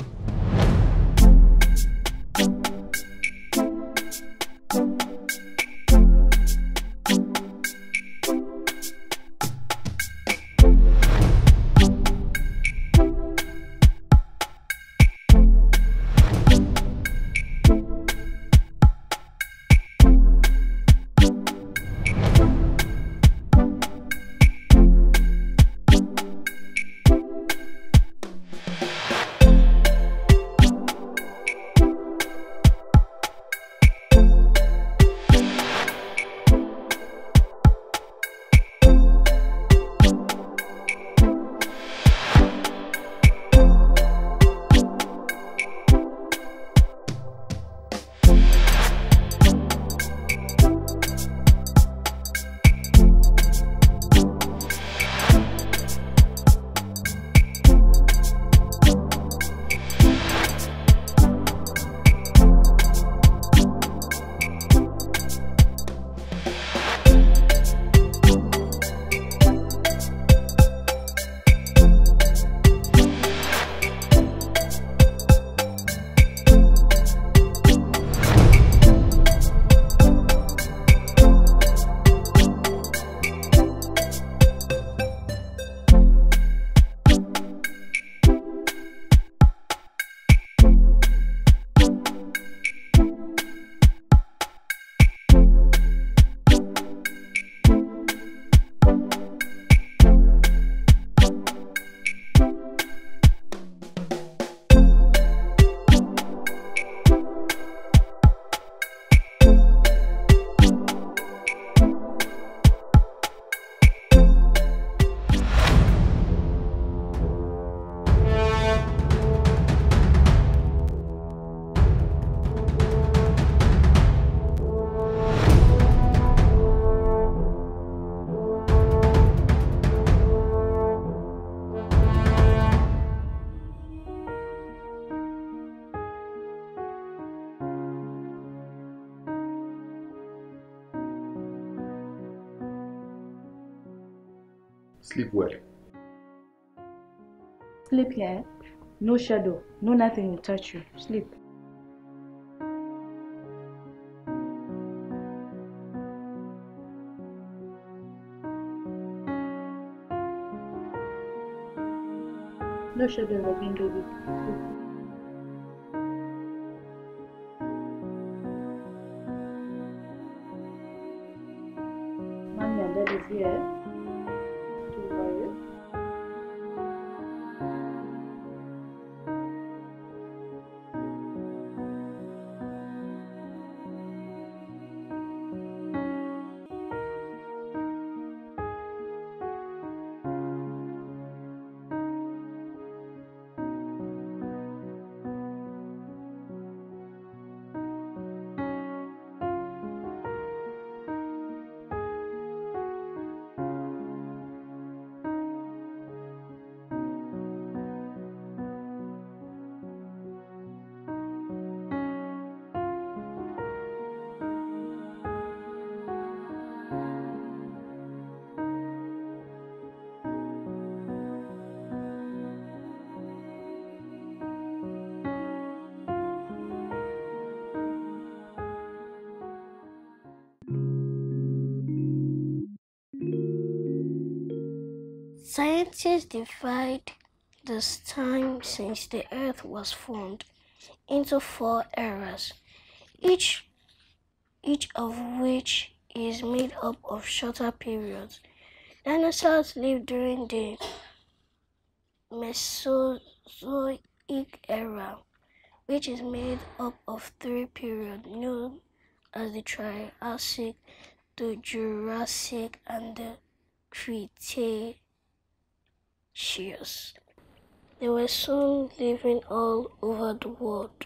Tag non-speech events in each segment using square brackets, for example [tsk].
you sleep well. Sleep here? No shadow, no nothing will touch you. Sleep. No shadow will be scientists divide this time since the earth was formed into four eras, each, each of which is made up of shorter periods. Dinosaurs lived during the Mesozoic era, which is made up of three periods known as the Triassic, the Jurassic, and the Cretaceous shears. They were soon living all over the world.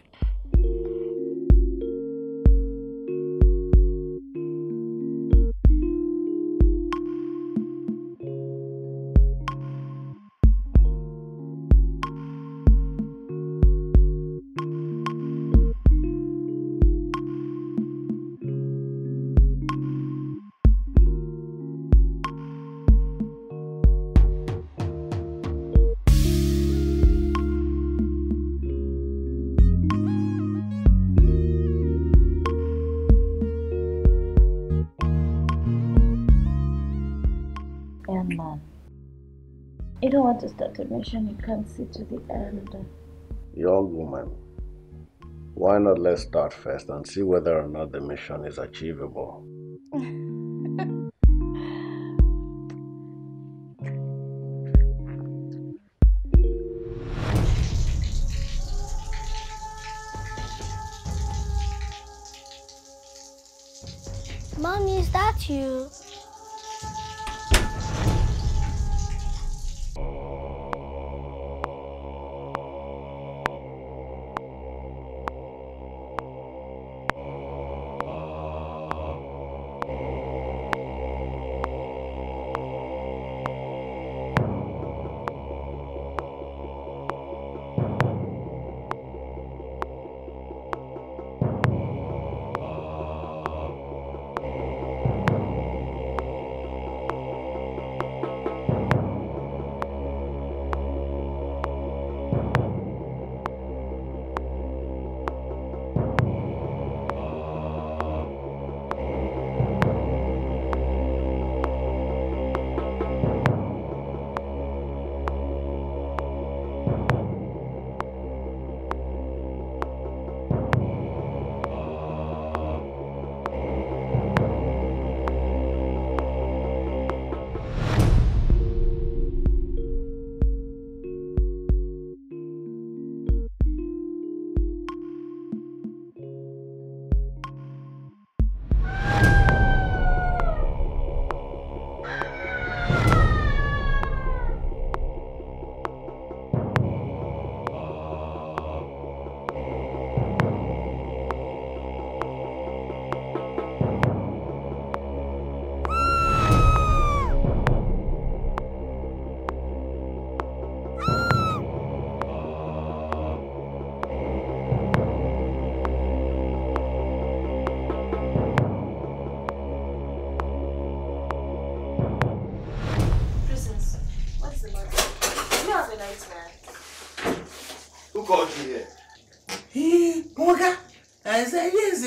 want to start a mission, you can't see to the end. Young woman, why not let's start first and see whether or not the mission is achievable? Mommy, is that you?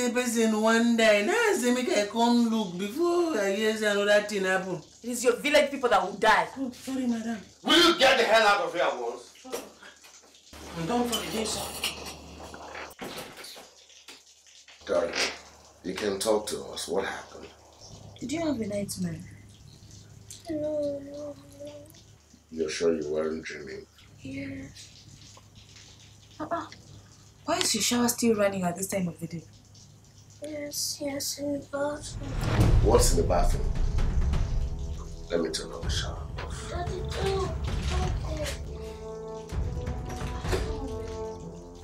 see person one day, Now I see make I come look before I hear another thing happen. It is your village people that will die. Oh, sorry, madam. Will you get the hell out of here once? am oh, And don't forget, sir. Darling, you can talk to us. What happened? Did you have a nightmare? No, You're sure you weren't dreaming? Yeah. Papa, why is your shower still running at this time of the day? Yes, yes, in the bathroom. What's in the bathroom? Let me turn on the shower. Daddy, don't.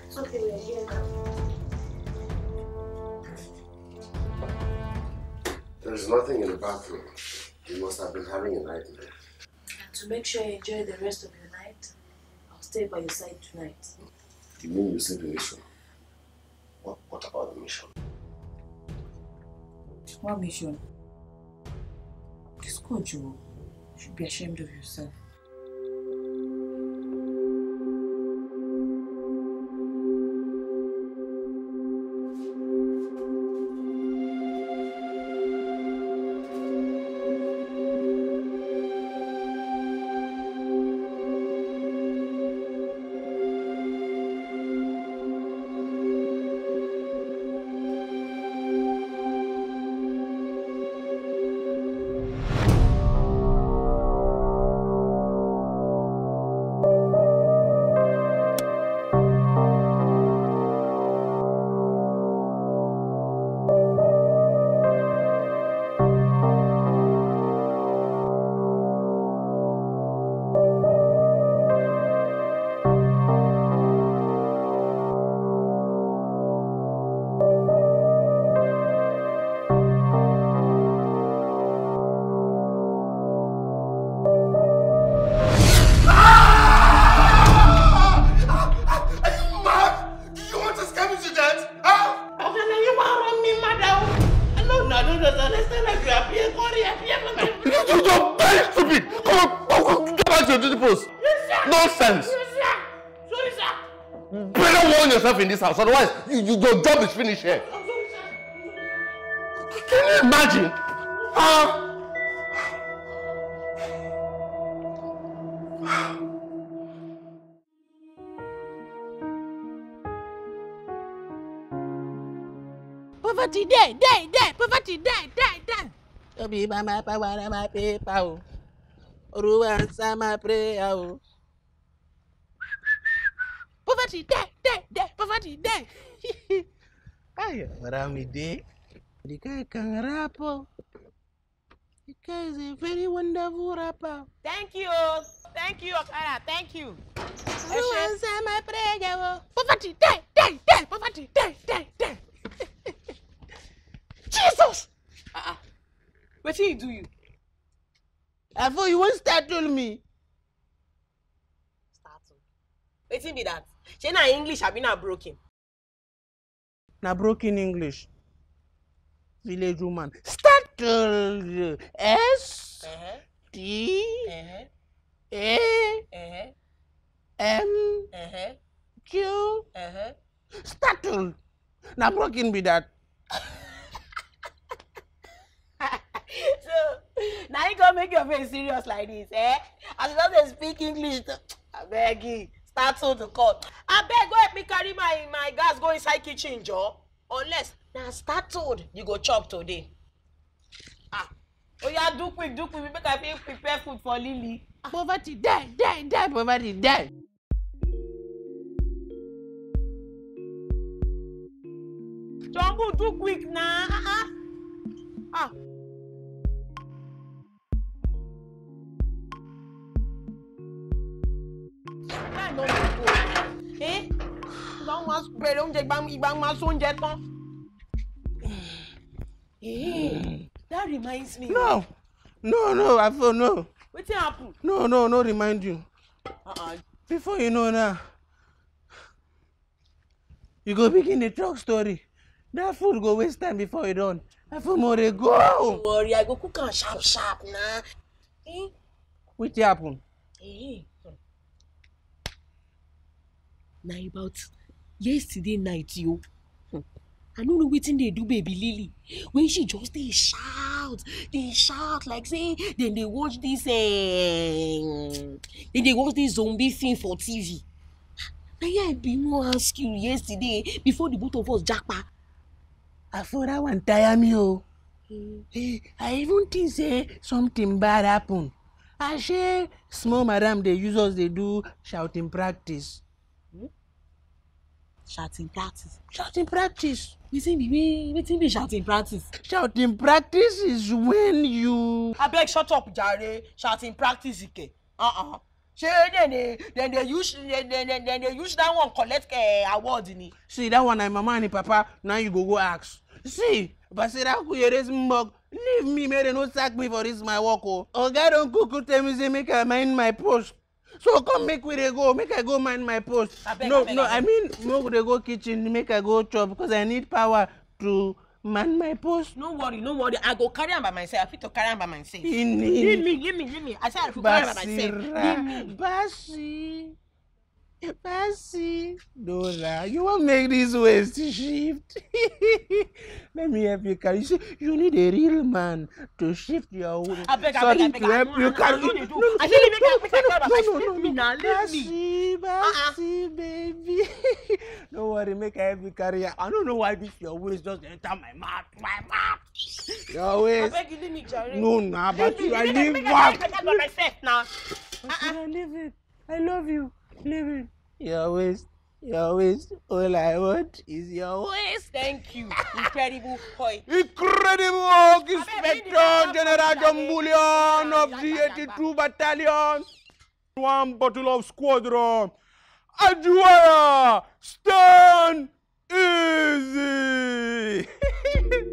It's okay, we're here now. There's nothing in the bathroom. You must have been having a nightmare. To make sure you enjoy the rest of your night, I'll stay by your side tonight. You mean you sleep in this room? What, what about the mission? What mission? This coach, you should be ashamed of yourself. sama pawana ma pepa o. Ruan sama prea o. Poverty de, de. day, poverty day. Ai, rami day. Dikai kang rapo. You guys are very wonderful rapper. Thank you. Thank you, Akara, Thank you. Ruan sama prea o. Poverty de, de, day, poverty de, de. day. [laughs] Jesus! wetin he do you. I afo you wan startle me. startle wetin be that shey na english abi na broken. na broken english village woman startle s t a m q startle na broken be that. being serious like this eh as you don dey speak english I [tsk] beg you. Start to the court. I beg, go help me carry my my gas go inside kitchen jọ unless now, start startled you go chop today ah oh oya do quick do quick make i prepare food for lily. Ah, poverty die die die poverty die. jọ̀ǹgù do quick na. Ah, ah. ah. ah. máa bẹ̀rẹ̀ oúnjẹ ìgbà máa sọ oúnjẹ tán. [sighs] that reminds me. no no no I afo no. wetin happen. no no no remind you. Uh -uh. before you know now you go begin dey talk story that food go waste time before e done afumo dey go. no worry i go cook am sharp sharp na. Eh? wetin happen. Eh. Hmm. na about yesterday night yo, hmm. i no know wetin dey do baby lily when she just dey shout dey shout like say dem dey watch this um, eh, dem dey watch this zombie film for tv na here i bin wan ask you yesterday before the both of us japa. afo that one tire me o oh. hmm. eh, i even think say something bad happen ase small madam dey use us dey do shouting practice shouting practice. shouting practice. wetin be wetin be shouting practice. shouting practice is when you. abeg shut up jare shouting practice ike. Uh-uh. ṣé dem dey dem use dem dem dem dey use that one collect uh, award ni. see that one na im mama and im papa na you go go ask. see basira kuyere mbok leave me make dem no sack me for dis my work o. Oh. oga don kuku tell me say make i mind my post so come make we dey go make i go mind my post no no i mean make we go kitchen make i go chop because i need power to mind my post. no worry no worry i go carry am by myself i fit to carry am by myself. Give me give me give me i say i go carry am by myself Give me. basira basi. Mercy. No, nah. You won't make this waist shift. Let me help you carry. You, see, you need a real man to shift your weight. I beg, I beg, I beg. to help you carry. No, no, no, no, I no, no, no, no, no, no, no, Mercy, mercy, baby. Don't worry, make I help you carry. I don't know why this your waist just enter my mouth. My mouth. Your waist. I beg you leave me, Jerry. No, nah, but you are leaving. I beg, I beg, I beg myself now. But uh-uh. I love you. living. [laughs] Your waist, your waist. All I want is your waist. Thank you, incredible boy. Incredible Hulk Inspector General John of the 82 Battalion. One bottle of squadron. Ajuara, stand easy. [laughs]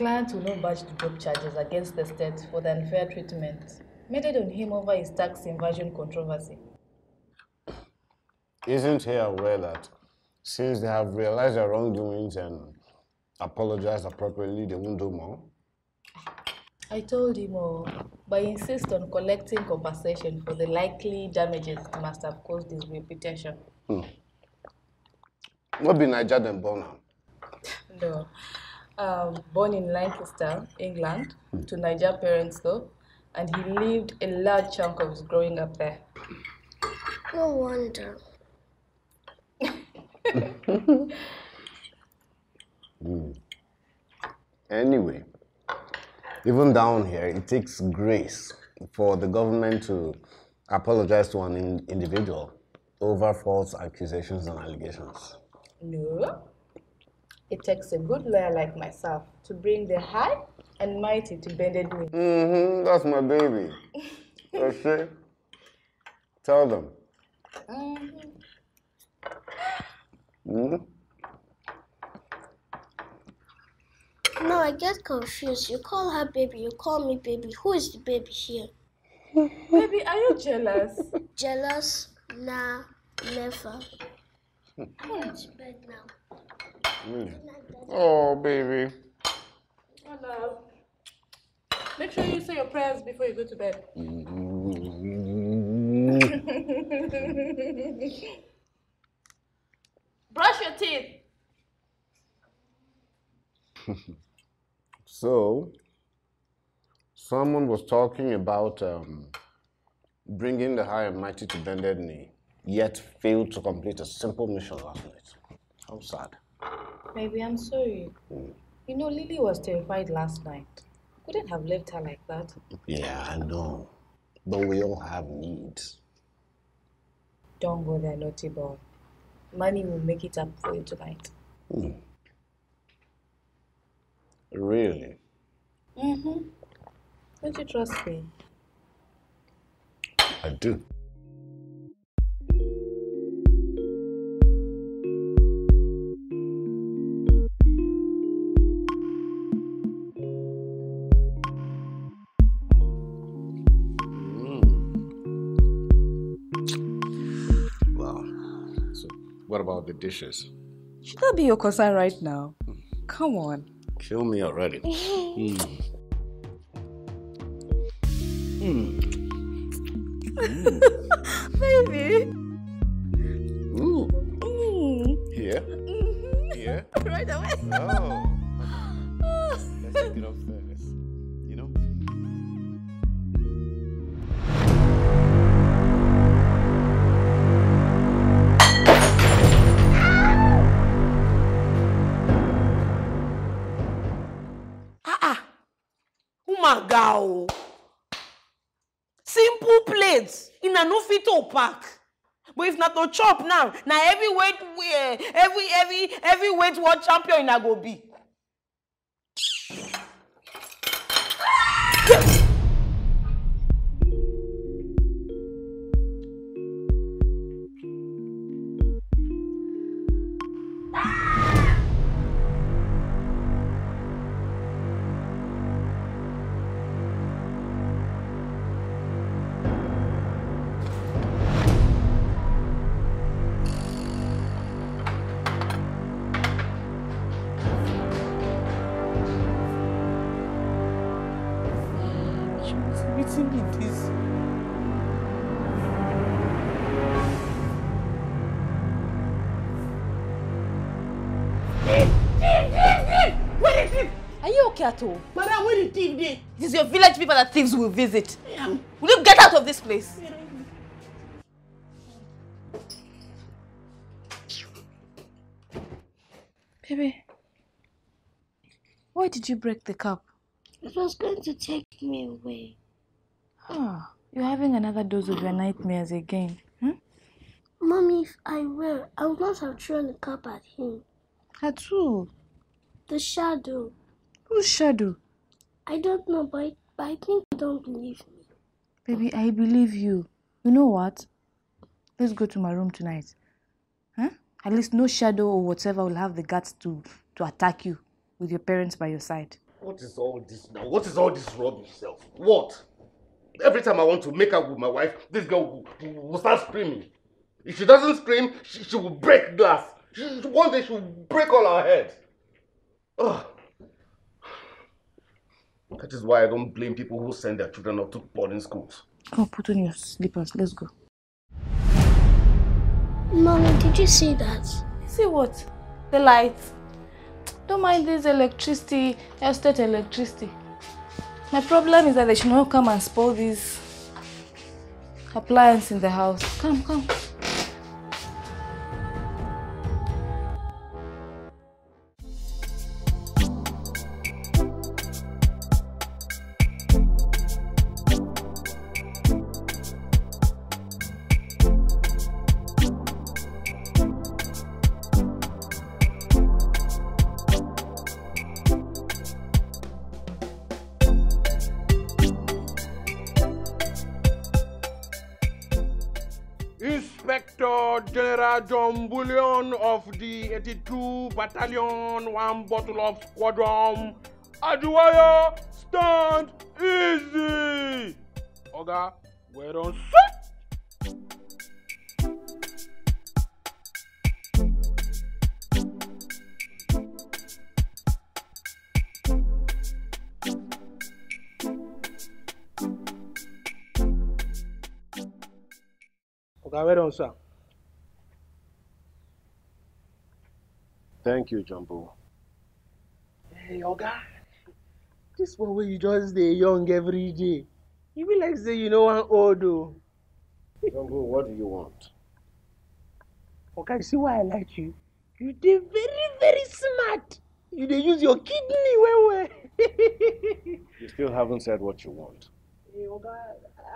client will not budge to drop charges against the state for the unfair treatment meted on him over his tax inversion controversy. Isn't he aware that since they have realized their wrongdoings and apologized appropriately, they won't do more? I told him all, oh, but insist on collecting compensation for the likely damages he must have caused his reputation. Hmm. What be Niger than Bona? no. Um, born in Lancaster, England, to Niger parents though, and he lived a large chunk of his growing up there. No wonder. mm. Anyway, even down here, it takes grace for the government to apologize to an in individual over false accusations and allegations. No. It takes a good lawyer like myself to bring the high and mighty to bended knee. Mm-hmm. That's my baby. [laughs] That's Tell them. Mm-hmm. Mm-hmm. No, I get confused. You call her baby, you call me baby. Who is the baby here? [laughs] baby, are you jealous? jealous? Nah, never. I want to bed now. Mm. Oh, baby. I Make sure you say your prayers before you go to bed. [laughs] Brush your teeth. [laughs] so, someone was talking about um, bringing the high and mighty to bended knee, yet failed to complete a simple mission last night. How sad. Maybe I'm sorry. You know, Lily was terrified last night. Couldn't have left her like that. Yeah, I know. But we all have needs. Don't go there, naughty boy. Money will make it up for you tonight. Hmm. Really? Mm-hmm. Don't you trust me? I do. the dishes. Should that be your concern right now? Come on. Kill me already. [laughs] Hmm. Hmm. mm. Mm. Baby. Mm. Here. Mm -hmm. Here. Right away. Oh. mà ga o simple plate una no fit to pack but if not to chop now na weight, every eh, every every weight world champion una go be. that all. Madam, where the thief It is your village people that thieves will visit. Yeah. Will you get out of this place? Yeah. Baby, why did you break the cup? It was going to take me away. Oh, you're having another dose of your nightmares again. Hmm? Mommy, if I were, I would not have thrown the cup at him. At who? The shadow. Who's Shadow? I don't know, but, but I think you don't believe me. Baby, I believe you. You know what? Let's go to my room tonight. Huh? At least no shadow or whatever will have the guts to, to attack you with your parents by your side. What is all this now? What is all this rubbish, self? What? Every time I want to make up with my wife, this girl will, will start screaming. If she doesn't scream, she, she will break glass. She, one day she will break all our heads. Ugh. That is why I don't blame people who send their children off to boarding schools. Oh, put on your slippers. Let's go. Mommy, did you see that? See what? The lights. Don't mind this electricity, estate electricity. My problem is that they should not come and spoil this appliance in the house. Come, come. bullion of the 82 battalion, one bottle of squadron. Ajuwaya, stand easy! Oga, we're on set! Oga, we're on, sir. Thank you, Jumbo. Hey, Oga. This one where you just stay young every day. You be like say you know one old though. Jumbo, what do you want? Oga, you see why I like you? You are very, very smart. You dey use your kidney well, well. [laughs] you still haven't said what you want. Hey, Oga,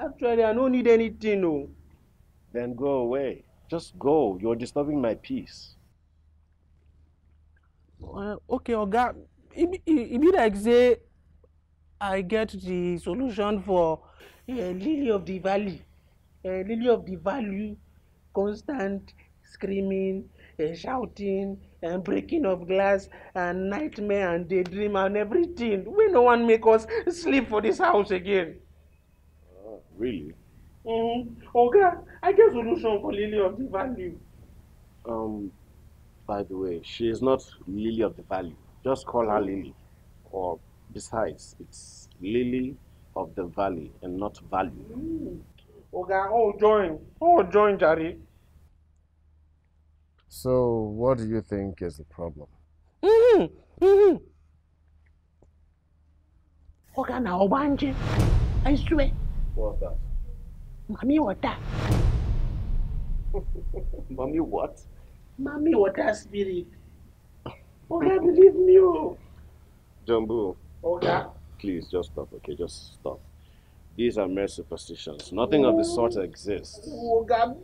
actually, I don't need anything, no. Then go away. Just go. You're disturbing my peace. uh, okay oga e be, e be like say i get the solution for uh, lily of the valley uh, lily of the valley constant screaming uh, shouting and breaking of glass and nightmare and daydream and everything wey no wan make us sleep for this house again. Uh, really. Mm -hmm. oga okay. i get solution for lily of the valley. Um, By the way, she is not Lily of the Valley. Just call her oh. Lily. Or besides, it's Lily of the Valley and not Value. Mm. Okay, oh join. Oh join, Jerry. So what do you think is the problem? Mm-hmm. Mm-hmm. Okay, now Obanje. I swear. What that? Mommy, what that? Mommy, what? what a spirit. Oga, oh, believe me, oh. Jumbo. Oga. Oh, Please, just stop, okay? Just stop. These are mere superstitions. Nothing of the sort oh. exists. Oga,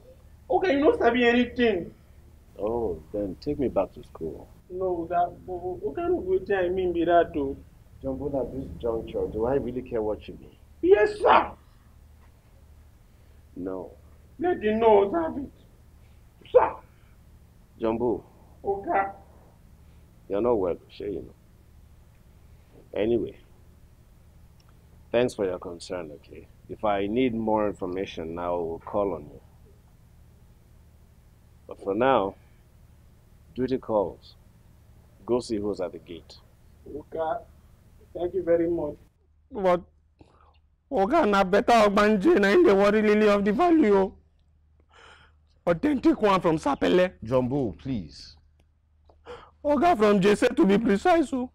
Oga, you know not sabi anything. Oh, then take me back to school. No, that Oga no go tell me be that though. Jumbo, at this juncture, do I really care what you mean? Yes, sir. No. Let nose know, it. Jumbo. Oga. You're not well, sure you know. Anyway, thanks for your concern, okay? If I need more information, I will call on you. But for now, duty calls. Go see who's at the gate. Oga, thank you very much. But Oga, na better Ogbanje na the worry lily of the value. Oh. authentic one from Sapele. Jumbo, please. Oga from Jese to be precise o.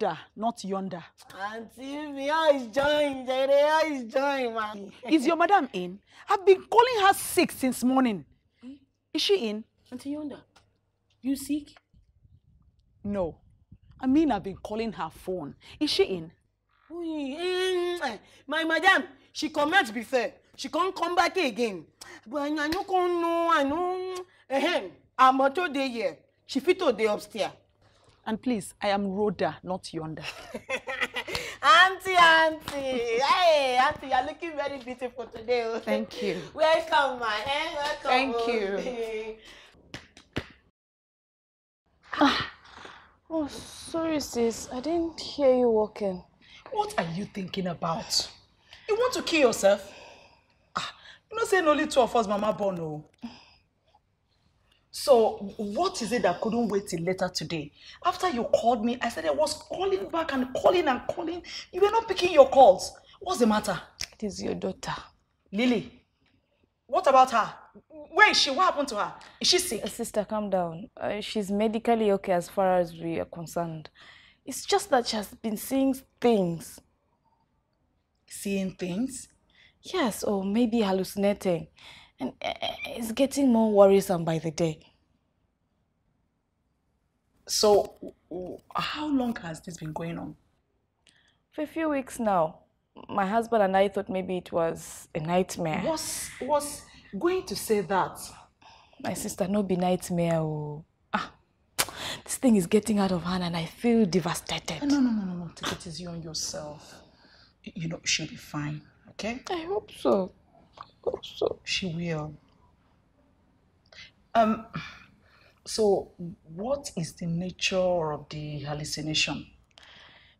yonder not yonder. aunty mi is join jere is join ma. is your madam in? I've been calling her sick since morning. Hmm? Is she in? aunty yonder you sick? no I mean I've been calling her phone. Is she in? Eh, eh, my madam she come out before she can't come back again but i know i know. ahem àmọ́ tó dey here she fit to dey upstairs And please, I am Rhoda, not Yonder. [laughs] auntie, auntie. Hey, auntie, you're looking very beautiful today. Oh. Thank you. [laughs] Welcome, my Eh? Welcome. Thank oh. you. [laughs] ah. Oh, sorry, sis. I didn't hear you walking. What are you thinking about? You want to kill yourself? Ah, you know, saying only two of us, Mama Bono. Oh. So what is it that couldn't wait till later today? After you called me, I said I was calling back and calling and calling. You were not picking your calls. What's the matter? It is your daughter. Lily, what about her? Where is she? What happened to her? Is she sick? Uh, sister, calm down. Uh, she's medically okay as far as we are concerned. It's just that she has been seeing things. Seeing things? Yes, or maybe hallucinating. And eh, eh, it's getting more worrisome by the day. So, how long has this been going on? For a few weeks now. My husband and I thought maybe it was a nightmare. Was was going to say that? My sister, no be nightmare. Oh. Ah, this thing is getting out of hand and I feel devastated. No, no, no, no, no. Take it easy on yourself. You know, she'll be fine, okay? I hope so. So she will. Um, so what is the nature of the hallucination?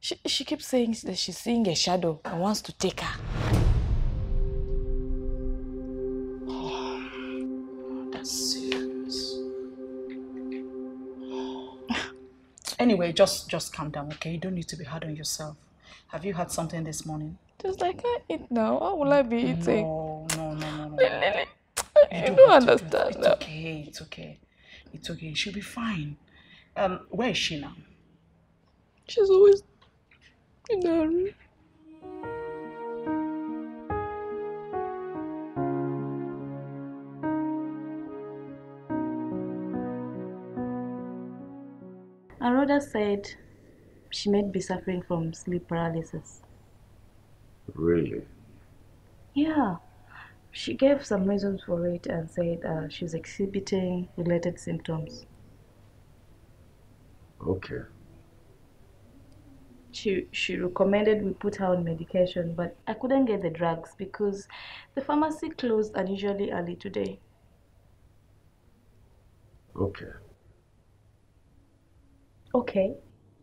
She, she keeps saying that she's seeing a shadow and wants to take her. [sighs] that's serious. anyway, just, just calm down, okay? You don't need to be hard on yourself. Have you had something this morning? Just like I eat now. What will I be eating? No you don't, don't understand. It's okay. It's okay. It's okay. She'll be fine. Um, where is she now? She's always in her room. Aroda said she might be suffering from sleep paralysis. Really? Yeah. She gave some reasons for it and said uh, she's exhibiting related symptoms. Okay. She, she recommended we put her on medication, but I couldn't get the drugs because the pharmacy closed unusually early today. Okay. Okay.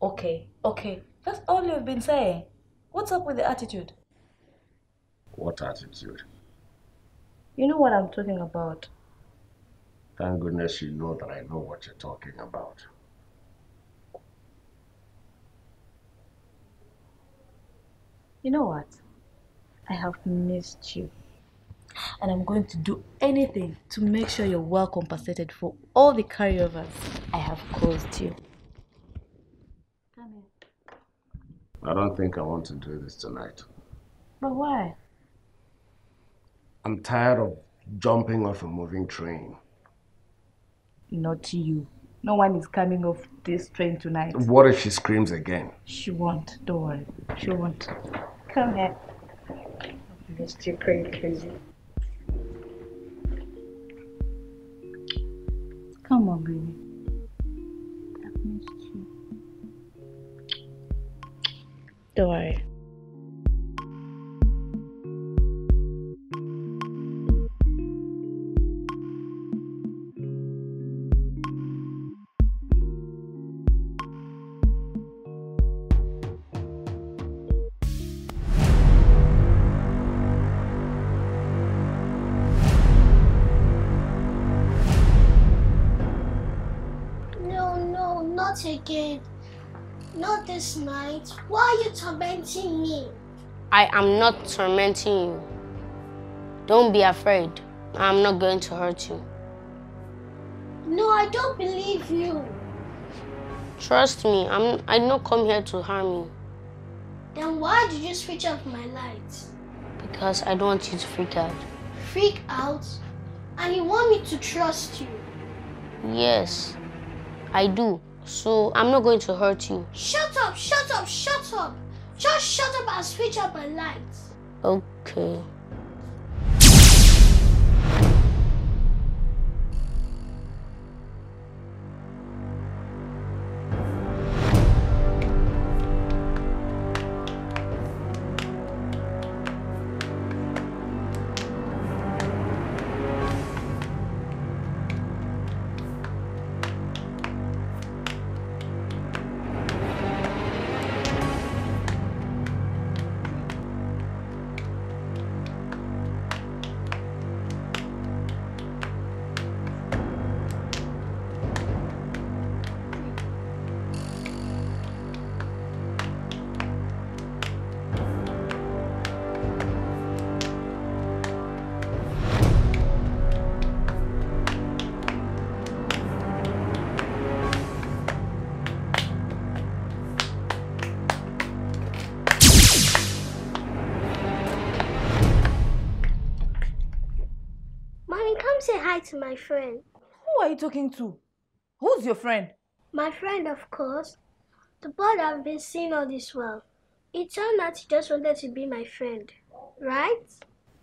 Okay. Okay. That's all you've been saying. What's up with the attitude? What attitude? You know what I'm talking about. Thank goodness you know that I know what you're talking about. You know what? I have missed you. And I'm going to do anything to make sure you're well compensated for all the carryovers I have caused you. Come here. I don't think I want to do this tonight. But why? I'm tired of jumping off a moving train. Not you. No one is coming off this train tonight. What if she screams again? She won't. Don't worry. She won't. Come here. You're still going crazy. Come on, baby. I've missed you. Don't worry. tormenting me. I am not tormenting you. Don't be afraid. I'm not going to hurt you. No, I don't believe you. Trust me, I'm I not come here to harm you. Then why did you switch off my lights? Because I don't want you to freak out. Freak out? And you want me to trust you? Yes, I do. So I'm not going to hurt you. Shut up, shut up, shut up! Just shut up and switch up my lights. Okay. to my friend. Who are you talking to? Who's your friend? My friend, of course. The boy I've been seeing all this while. It turned out he just wanted to be my friend, right?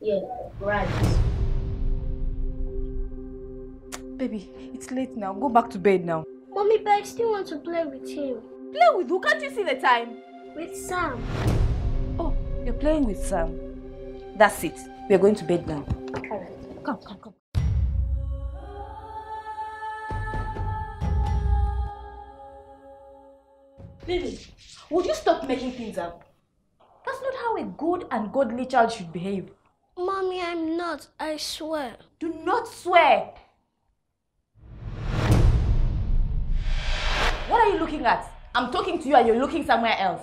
Yeah, right. Baby, it's late now. Go back to bed now. Mommy, but I still want to play with him. Play with who? Can't you see the time? With Sam. Oh, you're playing with Sam. That's it. We're going to bed now. Alright. Come, come, come. Lily, would you stop making things up? That's not how a good and godly child should behave. Mommy, I'm not. I swear. Do not swear. What are you looking at? I'm talking to you and you're looking somewhere else.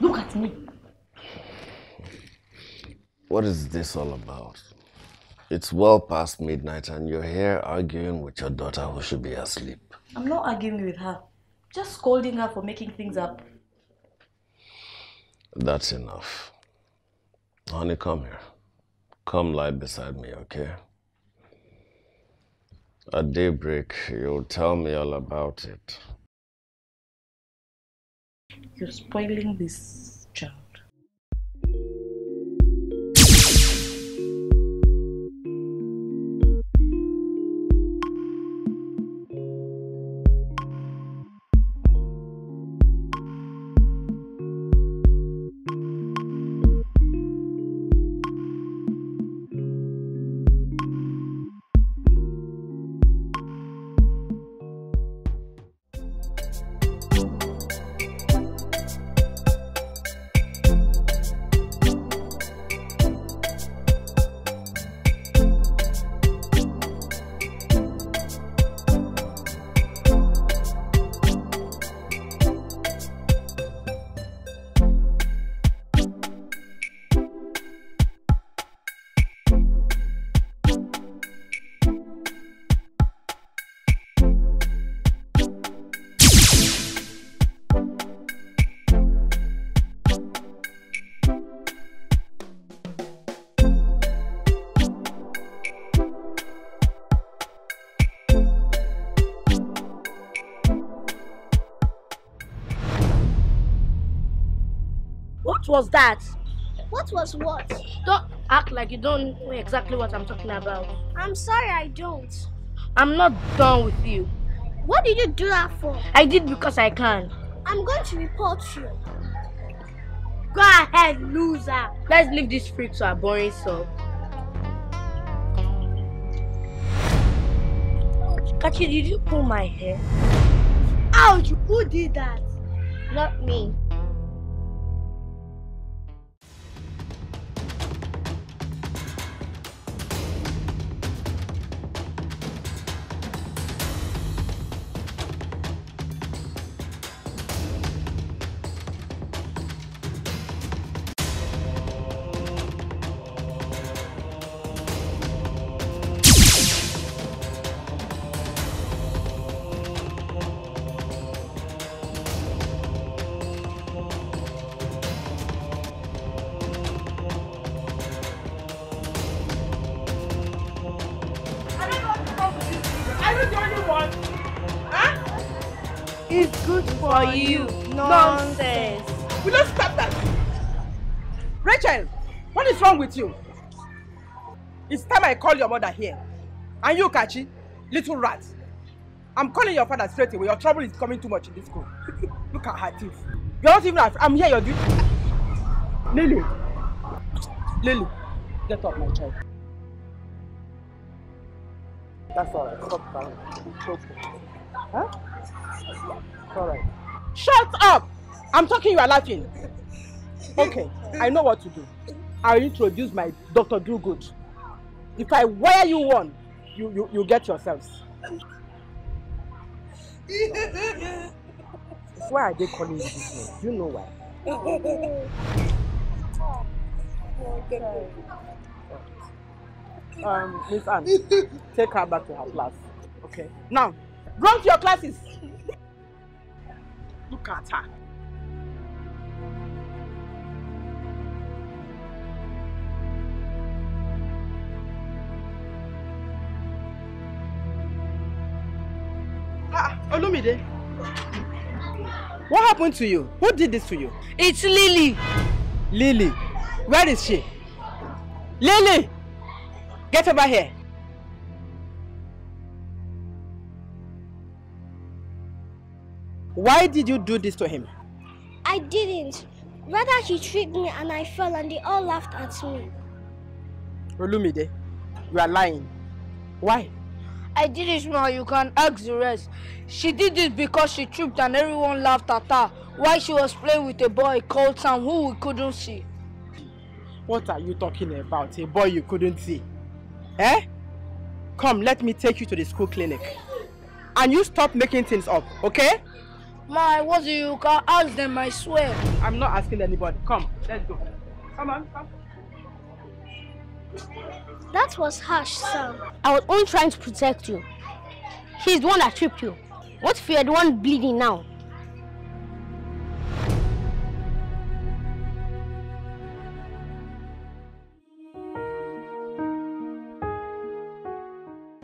Look at me. What is this all about? It's well past midnight and you're here arguing with your daughter who should be asleep. I'm not arguing with her. Just scolding her for making things up. That's enough. Honey, come here. Come lie beside me, okay? At daybreak, you'll tell me all about it. You're spoiling this child. was that? What was what? Don't act like you don't know exactly what I'm talking about. I'm sorry I don't. I'm not done with you. What did you do that for? I did because I can. I'm going to report you. Go ahead, loser. Let's leave this freak to our boring self. Kachi, did you pull my hair? Ouch! Who did that? Not me. I call your mother here. And you, Kachi, little rat. I'm calling your father straight away. Your trouble is coming too much in this school. [laughs] Look at her teeth. You're not even afraid. I'm here, you're doing... Lily. Lily, get up, my child. That's all right. Stop It's okay. Huh? all right. Shut up! I'm talking, you are laughing. Okay, I know what to do. I'll introduce my Dr. Do Good If I wear you one, you you, you get yourselves. Why are they calling you this name? Do you know why? um, Miss Anne, take her back to her class. Okay. Now, run to your classes. Look at her. Jide. What happened to you? Who did this to you? It's Lily. Lily? Where is she? Lily! Get over here. Why did you do this to him? I didn't. Rather, he tricked me and I fell and they all laughed at me. Olumide, you are lying. Why? I did it, ma. You can ask the rest. She did this because she tripped and everyone laughed at her while she was playing with a boy called Sam who we couldn't see. What are you talking about? A boy you couldn't see? Eh? Come, let me take you to the school clinic. And you stop making things up, okay? Ma, I wasn't you. Can ask them, I swear. I'm not asking anybody. Come, let's go. Come on, come. That was harsh, Sam. I was only trying to protect you. He's the one that tripped you. What if you're the one bleeding now?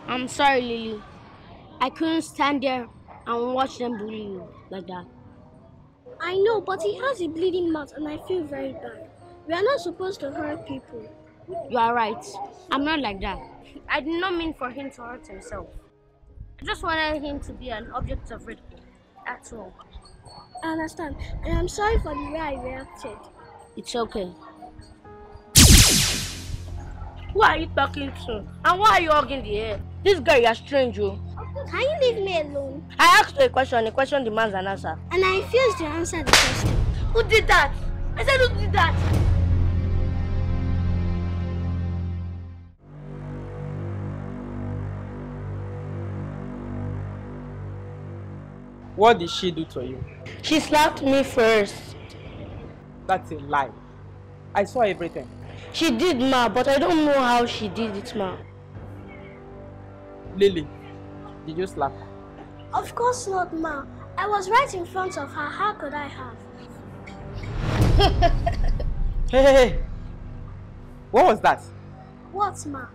I'm sorry, Lily. I couldn't stand there and watch them bully you like that. I know, but he has a bleeding mouth and I feel very bad. We are not supposed to hurt people. You are right. I'm not like that. I did not mean for him to hurt himself. I just wanted him to be an object of ridicule. That's all. I understand. And I'm sorry for the way I reacted. It's okay. Who are you talking to? And why are you hugging the air? This girl, you're strange, you. Oh. Can you leave me alone? I asked a question. The question demands an answer. And I refused to answer the question. Who did that? I said, who did that? What did she do to you? She slapped me first. That's a lie. I saw everything. She did, ma, but I don't know how she did it, ma. Lily, did you slap her? Of course not, ma. I was right in front of her. How could I have? [laughs] hey, hey, hey. What was that? What, ma?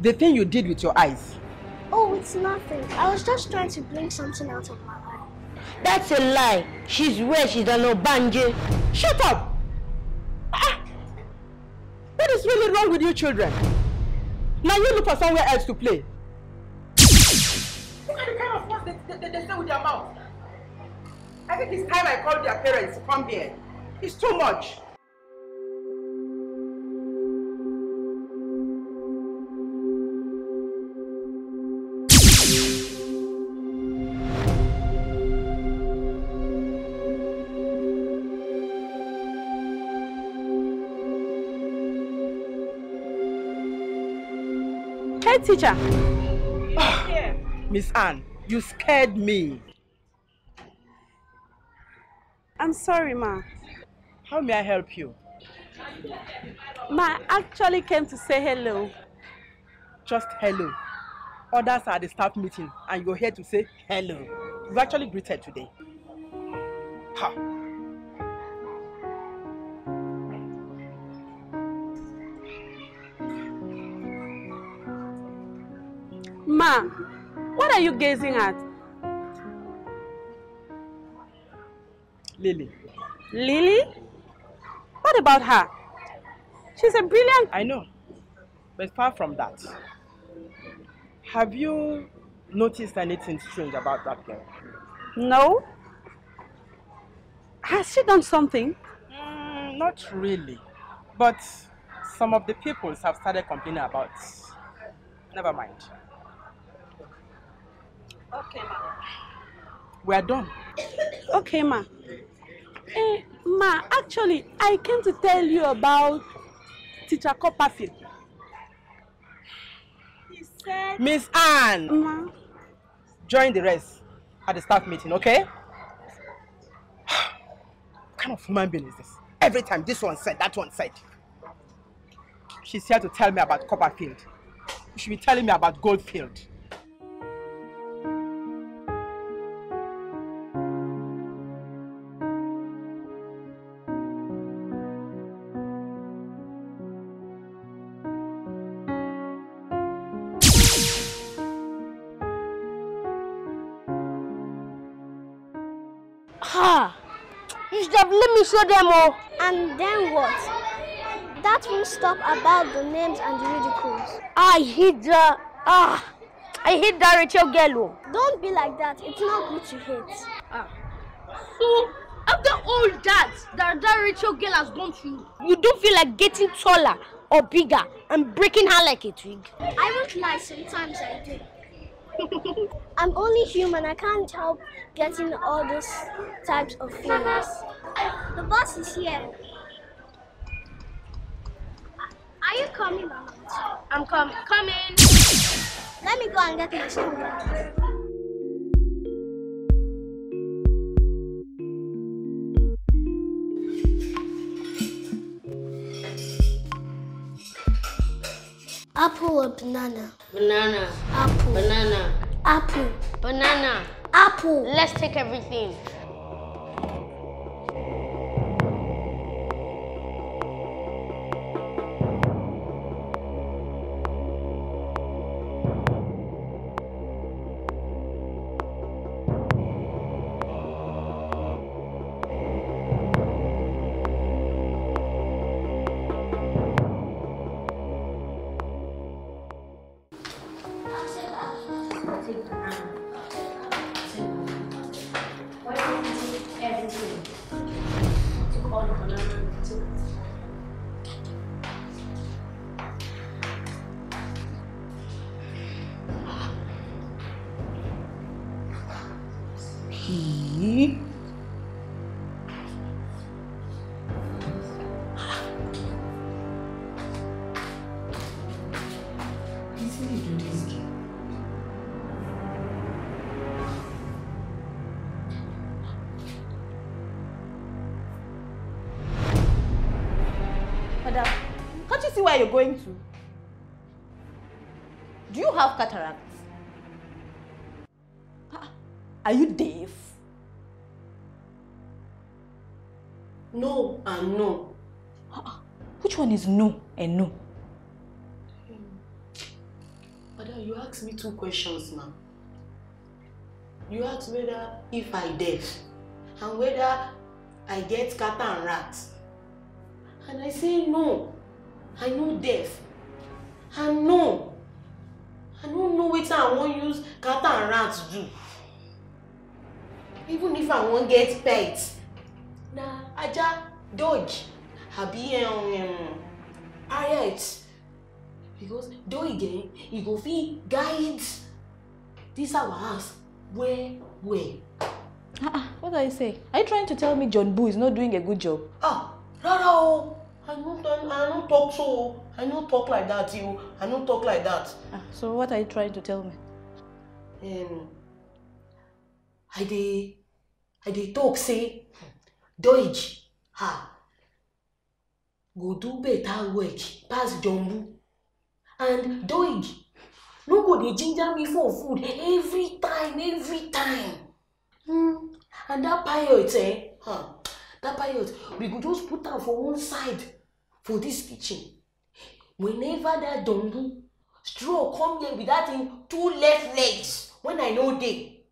The thing you did with your eyes. Oh, it's nothing. I was just trying to blink something out of my That's a lie. She's where she's an Obanje. Shut up! Ah. What is really wrong with you children? Now you look for somewhere else to play. Look at the kind of words they, they, they say with their mouth. I think it's time I called their parents to come here. It's too much. head teacher. Miss Anne, you scared me. I'm sorry, ma. How may I help you? Ma, I actually came to say hello. Just hello. Others are at the staff meeting and you're here to say hello. You've actually greeted today. Ha! Ma, what are you gazing at? Lily. Lily? What about her? She's a brilliant... I know. But far from that. Have you noticed anything strange about that girl? No. Has she done something? Mm, not really. But some of the people have started complaining about... Never mind. Okay, ma. We are done. Okay, ma. Eh, ma, actually, I came to tell you about Teacher Copperfield. He said... Miss Anne! Ma. Join the rest at the staff meeting, okay? [sighs] what kind of human being is this? Every time this one said, that one said. She's here to tell me about Copperfield. She should be telling me about Goldfield. show them all. Oh. And then what? That won't stop about the names and the ridicules. I hate the... Ah, I hate that Rachel Gello. Oh. Don't be like that. It's not good to hate. Ah. So, after all that, that, that Rachel girl has gone through, you don't feel like getting taller or bigger and breaking her like a twig? I won't lie, sometimes I do. [laughs] I'm only human. I can't help getting all those types of feelings. The bus is here. Are you coming, Mama? I'm com Coming. Let me go and get my school bag. Apple or banana? Banana. Apple. Banana. Apple. Banana. Apple. Let's take everything. is no and no. Father, hmm. you asked me two questions now. You asked whether if I deaf, our house Uh-uh. What are you saying? Are you trying to tell me John Boo is not doing a good job? Ah, rara no. o. I don't, I don't talk so. I don't talk like that, you. I don't talk like that. Ah, so what are you trying to tell me? Um, I dey, I dey talk say, Deutsch ha, go do better work pass John Boo. And Deutsch. no go dey ginger me for food every time every time hmm. and that pilot eh huh, That pilot we go just put am for one side for this kitchen whenever that dongu straw come here with that thing two left legs when i no dey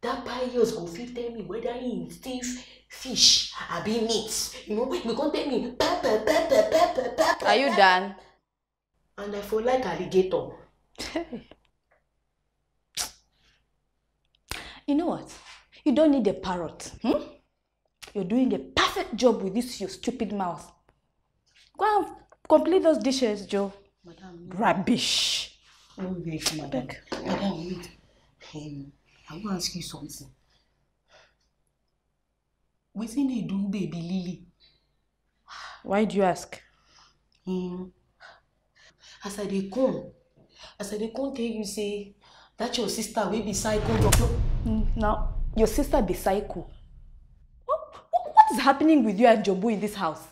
that pilot go fit tell me whether im thief fish abi meat you know he go tell me pepper pepper pepper pepper. are you done. and i for like alligator. you know what? You don't need a parrot. Hmm? You're doing a perfect job with this your stupid mouth. Go and complete those dishes, Joe. Rubbish. Oh, wait, madam. Madam, wait. Um, I want to ask you something. Wetin dey do baby Lily? Why do you ask? Um, as I dey come, as i dey come tell you say that your sister wey be psycho doctor. Mm, na your sister be psycho what, what is happening with you and jumbo in this house.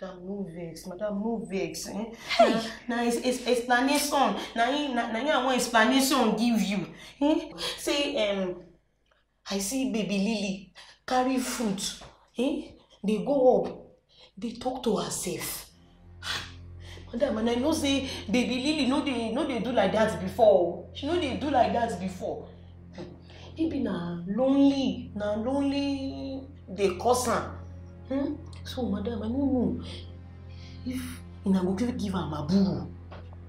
madam no vex madam no vex eh? hey. na explanation na him na him i wan explanation give you eh? say um, i see baby lily carry fruit eh? dey go up dey talk to herself madam and i know say baby lily no dey no dey do like that before she no dey do like that before maybe na lonely na lonely dey cause am hmm? so madam i no know if una go fit give am aburu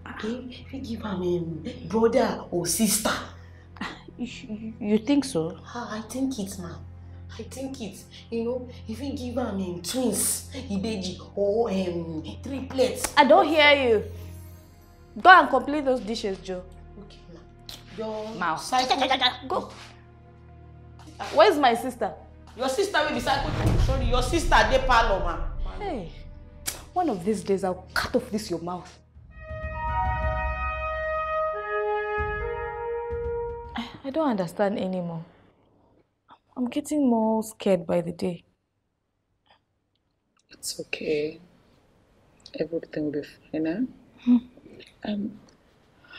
okay fit give am um, brother or sister you, you think so ah i think it na. I think it, you know, even give am um, twins, Ibeji, or um, triplets. I don't hear you. Go and complete those dishes, Joe. Okay, ma. Your Mao. Psycho. Go. Where's my sister? Your sister will be psycho. Sorry, your sister dey parlour, ma. Hey, one of these days I'll cut off this your mouth. I don't understand anymore. I'm getting more scared by the day. It's okay. Everything will be fine, eh? Hmm. Um,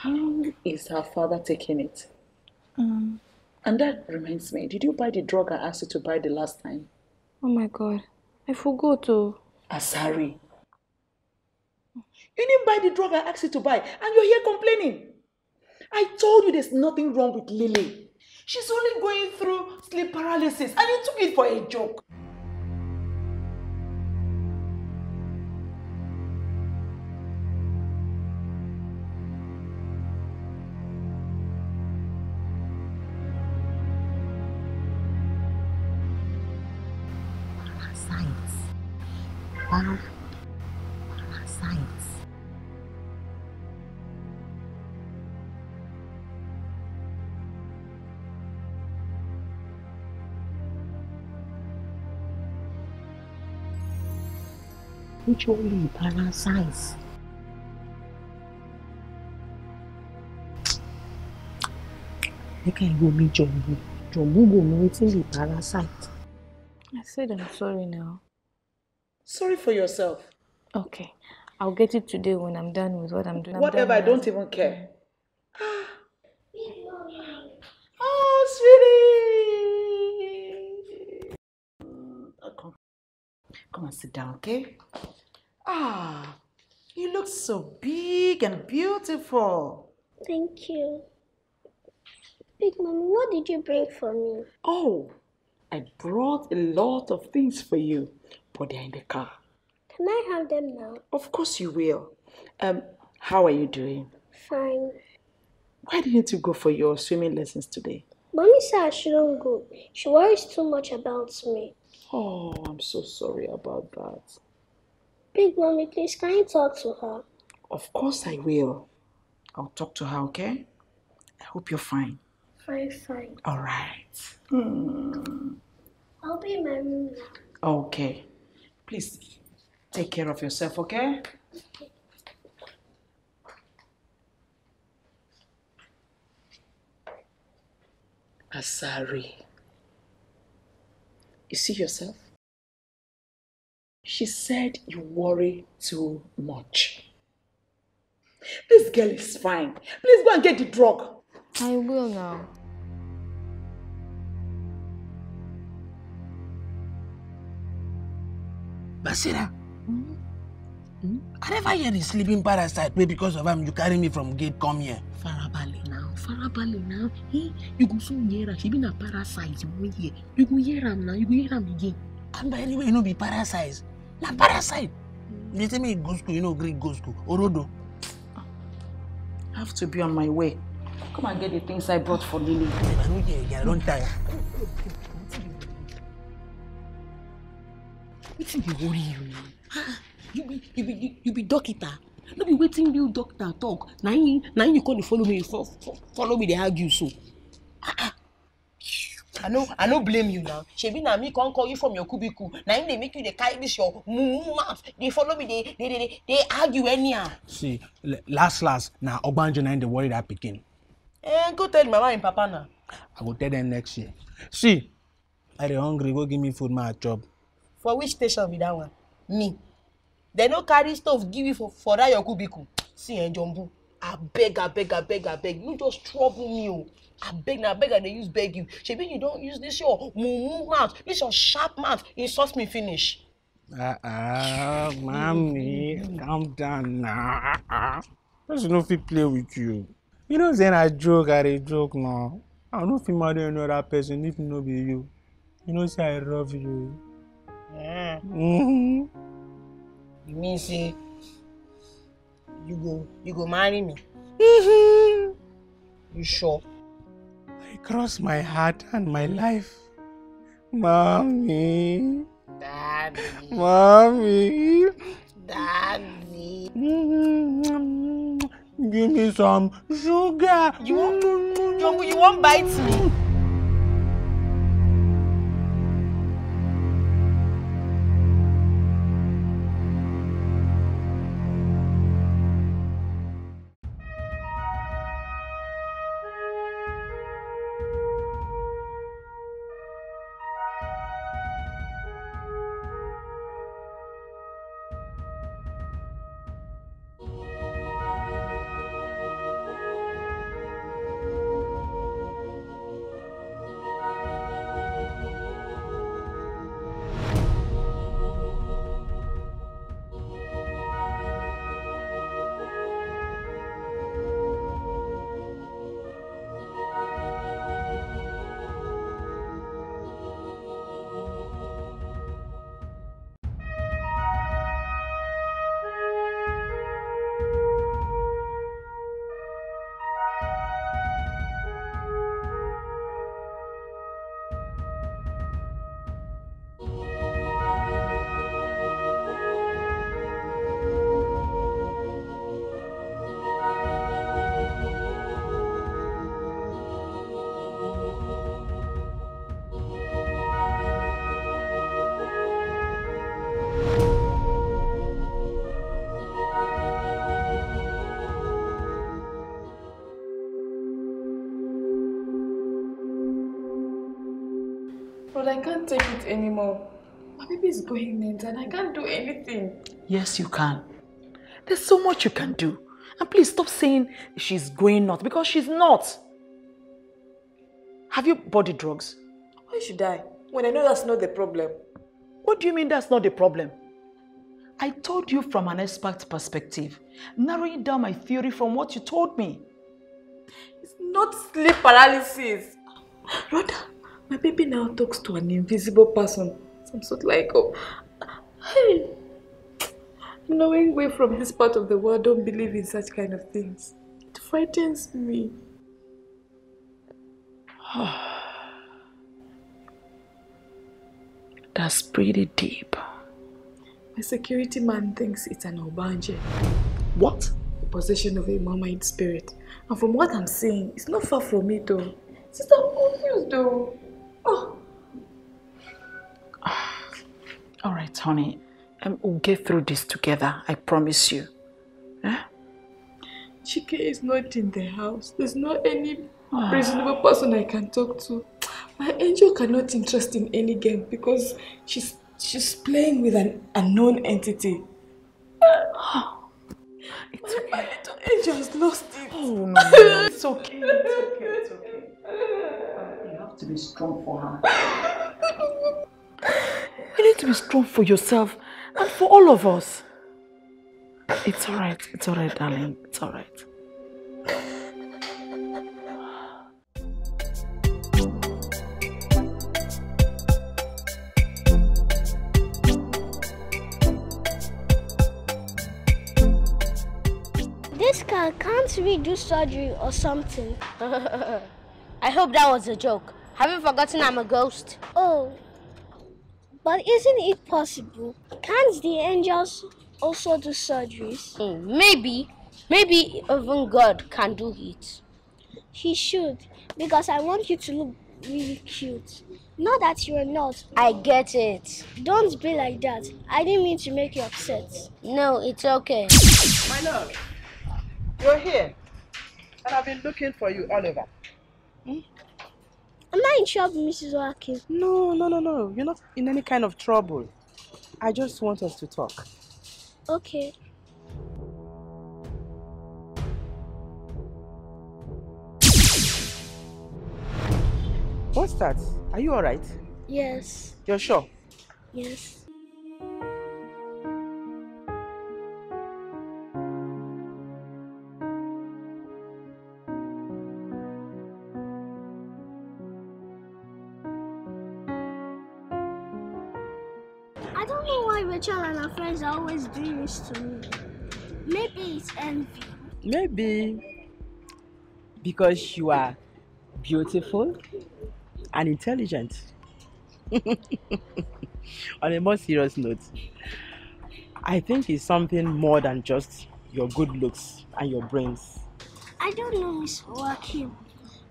how is her father taking it? Um, and that reminds me, did you buy the drug I asked you to buy the last time? Oh my god, I forgot to. Oh. Asari. You didn't buy the drug I asked you to buy, and you're here complaining. I told you there's nothing wrong with Lily. She's only going through sleep paralysis and you took it for a joke. Parasites. Parasites. mutually parasites. Make I go meet Jumbo. Jumbo go meeting the parasite. I said I'm sorry now. Sorry for yourself. Okay. I'll get it today when I'm done with what I'm doing. Whatever, I'm I don't even care. Ah. oh, sweetie! Come, come and sit down, okay? Ah, you look so big and beautiful. Thank you. Big Mommy, what did you bring for me? Oh, I brought a lot of things for you, but they're in the car. Can I have them now? Of course you will. Um, how are you doing? Fine. Why didn't you go for your swimming lessons today? Mommy said I shouldn't go. She worries too much about me. Oh, I'm so sorry about that. Big Mommy, please, can you talk to her? Of course I will. I'll talk to her, okay? I hope you're fine. Fine, fine. All right. Mm. I'll be in my room now. Okay. Please, take care of yourself, okay? okay. Asari. You see yourself? She said you worry too much. This girl is fine. Please go and get the drug. I will now. Basira, mm-hmm. Mm-hmm. I never hear the sleeping parasite wey because of him you carry me from gate come here. Farabalẹ̀ now, farabalẹ̀ now. Hey, you go soon hear She been a parasite you wan hear. You go hear am now, you go hear am again. And by the you no know, be parasite na parasite you tell me you go school you no gree go school orodo. i have to be on my way come and get the things i brought for lily. i no hear again i don tire. wetin dey worry you now you be you be you be dokita no be wetin You doctor talk na him na him you come dey follow me follow me dey argue so. Ah, ah i no i no blame you now shebi na me come call you from your cubicle na im dey make you dey carry this your mumu mouth dey follow me dey dey dey dey argue anyhow. see last last na ogbanjo na im dey worry that pikin. Eh, go tell mama and papa na. i go tell dem next year see i dey hungry go give me food ma i chop. for which station be dat one me dem no carry stove give you for for dat your cubicle see eh jumbo abeg abeg abeg abeg no just trouble me o. Oh abeg na abeg i dey use beg you shebi you don use this your mumu mouth this your sharp mouth insult me finish. ah ah mami mm-hmm. calm down na ah person no fit play with you you know say na joke i dey joke na i no fit marry any other person if no be you you know say i love you. Mm. Mm -hmm. you mean say you go you go marry me. -hmm. you sure. I cross my heart and my life. Mommy. Daddy. Mommy. Daddy. Give me some sugar. You, you, you won't bite me. can't take it anymore. My baby is going nuts, and I can't do anything. Yes, you can. There's so much you can do. And please stop saying she's going nuts because she's not. Have you bought the drugs? Why should I? When I know that's not the problem. What do you mean that's not the problem? I told you from an expert perspective, narrowing down my theory from what you told me. It's not sleep paralysis. Rhoda, my baby now talks to an invisible person. Some sort like, oh, hey, knowing we from this part of the world don't believe in such kind of things. It frightens me. [sighs] That's pretty deep. My security man thinks it's an obanje. What? The possession of a marmite spirit. And from what I'm seeing, it's not far from it though. Sister, I'm confused though. Oh. All right, honey. Um, we'll get through this together. I promise you. Eh? Chike is not in the house. There's not any ah. reasonable person I can talk to. My angel cannot interest in any game because she's she's playing with an unknown entity. [gasps] it's okay. My little angel has lost it. Oh no, it's okay. It's okay. It's okay. [laughs] to be strong for her. you need to be strong for yourself and for all of us. It's alright, it's alright, darling. It's alright. This guy can't redo surgery or something? [laughs] I hope that was a joke. Haven't forgotten I'm a ghost. Oh, but isn't it possible? Can't the angels also do surgeries? Hmm, maybe. Maybe even God can do it. He should, because I want you to look really cute. Not that you're not. I get it. Don't be like that. I didn't mean to make you upset. No, it's okay. My love, you're here. And I've been looking for you Oliver. Hmm? Am I in trouble, Mrs. Oaki? No, no, no, no. You're not in any kind of trouble. I just want us to talk. Okay. What's that? Are you alright? Yes. You're sure? Yes. why Rachel and her friends are always doing this to me. Maybe it's envy. Maybe because you are beautiful and intelligent. [laughs] On a more serious note, I think it's something more than just your good looks and your brains. I don't know, Miss Joaquin.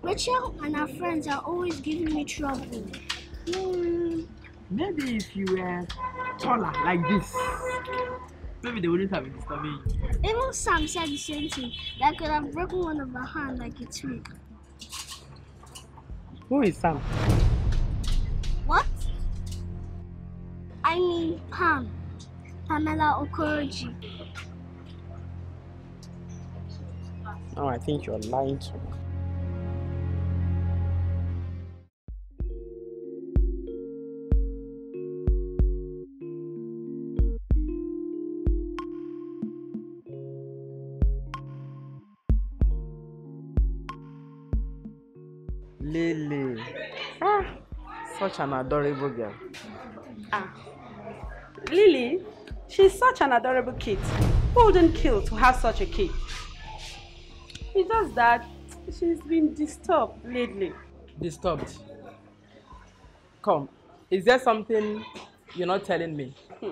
Rachel and her friends are always giving me trouble. Hmm. Maybe if you were taller like this. Maybe they wouldn't have been disturbing you. Even Sam said the same thing. That could have broken one of her hand like a tree. Who is Sam? What? I mean Pam. Pamela Okoroji. Oh, I think you're lying to me. such an adorable girl. Ah, Lily, she's such an adorable kid. Who wouldn't kill to have such a kid? It's just that she's been disturbed lately. Disturbed? Come, is there something you're not telling me? Hmm.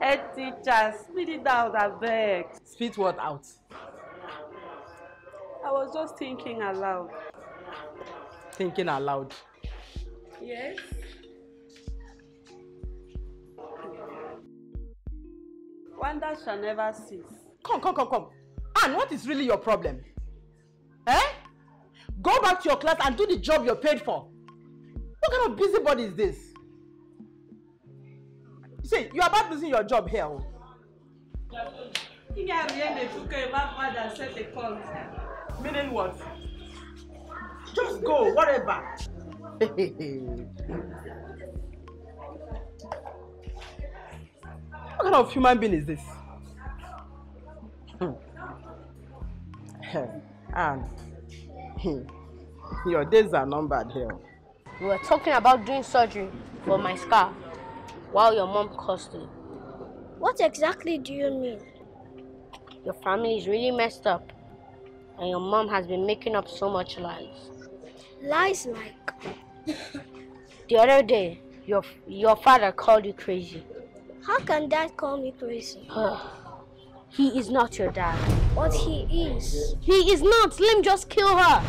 Hey teacher, spit it out, I beg. Spit what out? I was just thinking aloud. Thinking aloud? Yes. Wonder shall never cease. Come, come, come, come. Anne, what is really your problem? Eh? Go back to your class and do the job you're paid for. What kind of busybody is this? You see, you're about losing your job here. Oh. Meaning what? Just go, whatever. what kind of human being is this? Hmm. and hmm, your days are numbered here. We were talking about doing surgery for my scar while your mom cursed me. What exactly do you mean? Your family is really messed up and your mom has been making up so much lies. Lies like? The other day, your your father called you crazy. How can dad call me crazy? he is not your dad. But he is. He is not. Let him just kill her.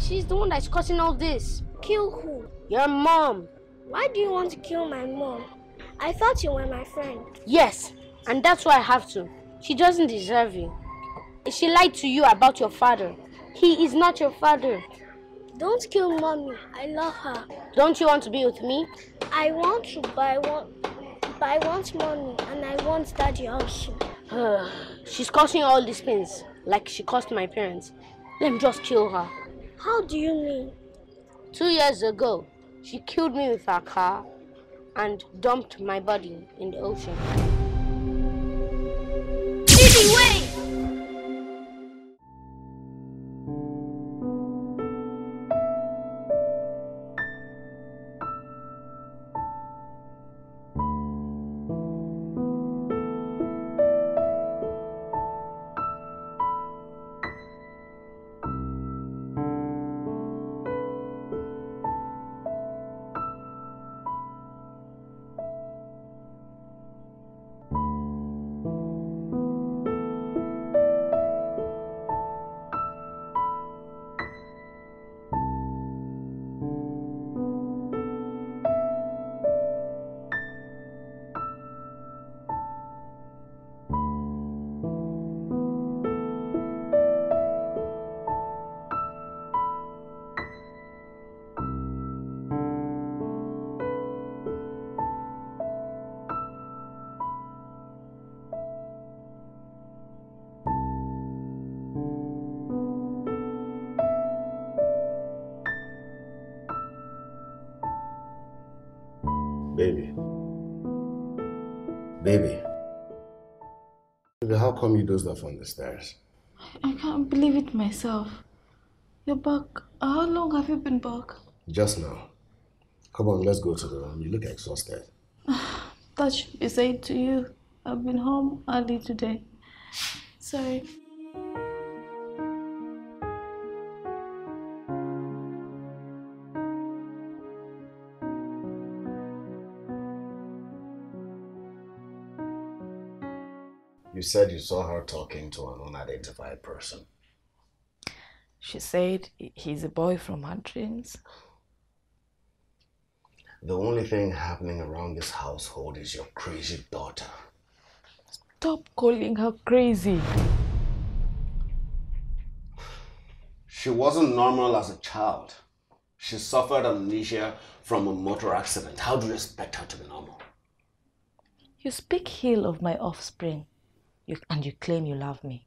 She's the one that's causing all this. Kill who? Your mom. Why do you want to kill my mom? I thought you were my friend. Yes, and that's why I have to. She doesn't deserve you. She lied to you about your father. He is not your father. Don't kill mommy. I love her. Don't you want to be with me? I want to, but I want, but I want mommy and I want daddy also. [sighs] She's causing all these pains, like she caused my parents. Let me just kill her. How do you mean? Two years ago, she killed me with her car and dumped my body in the ocean. do stuff on the stairs. I can't believe it myself. You're back. How long have you been back? Just now. Come on, let's go to the room. You look exhausted. [sighs] that should be said to you. I've been home early today. Sorry. You said you saw her talking to an unidentified person. She said he's a boy from her dreams. The only thing happening around this household is your crazy daughter. Stop calling her crazy. She wasn't normal as a child. She suffered amnesia from a motor accident. How do you expect her to be normal? You speak ill of my offspring you, and you claim you love me.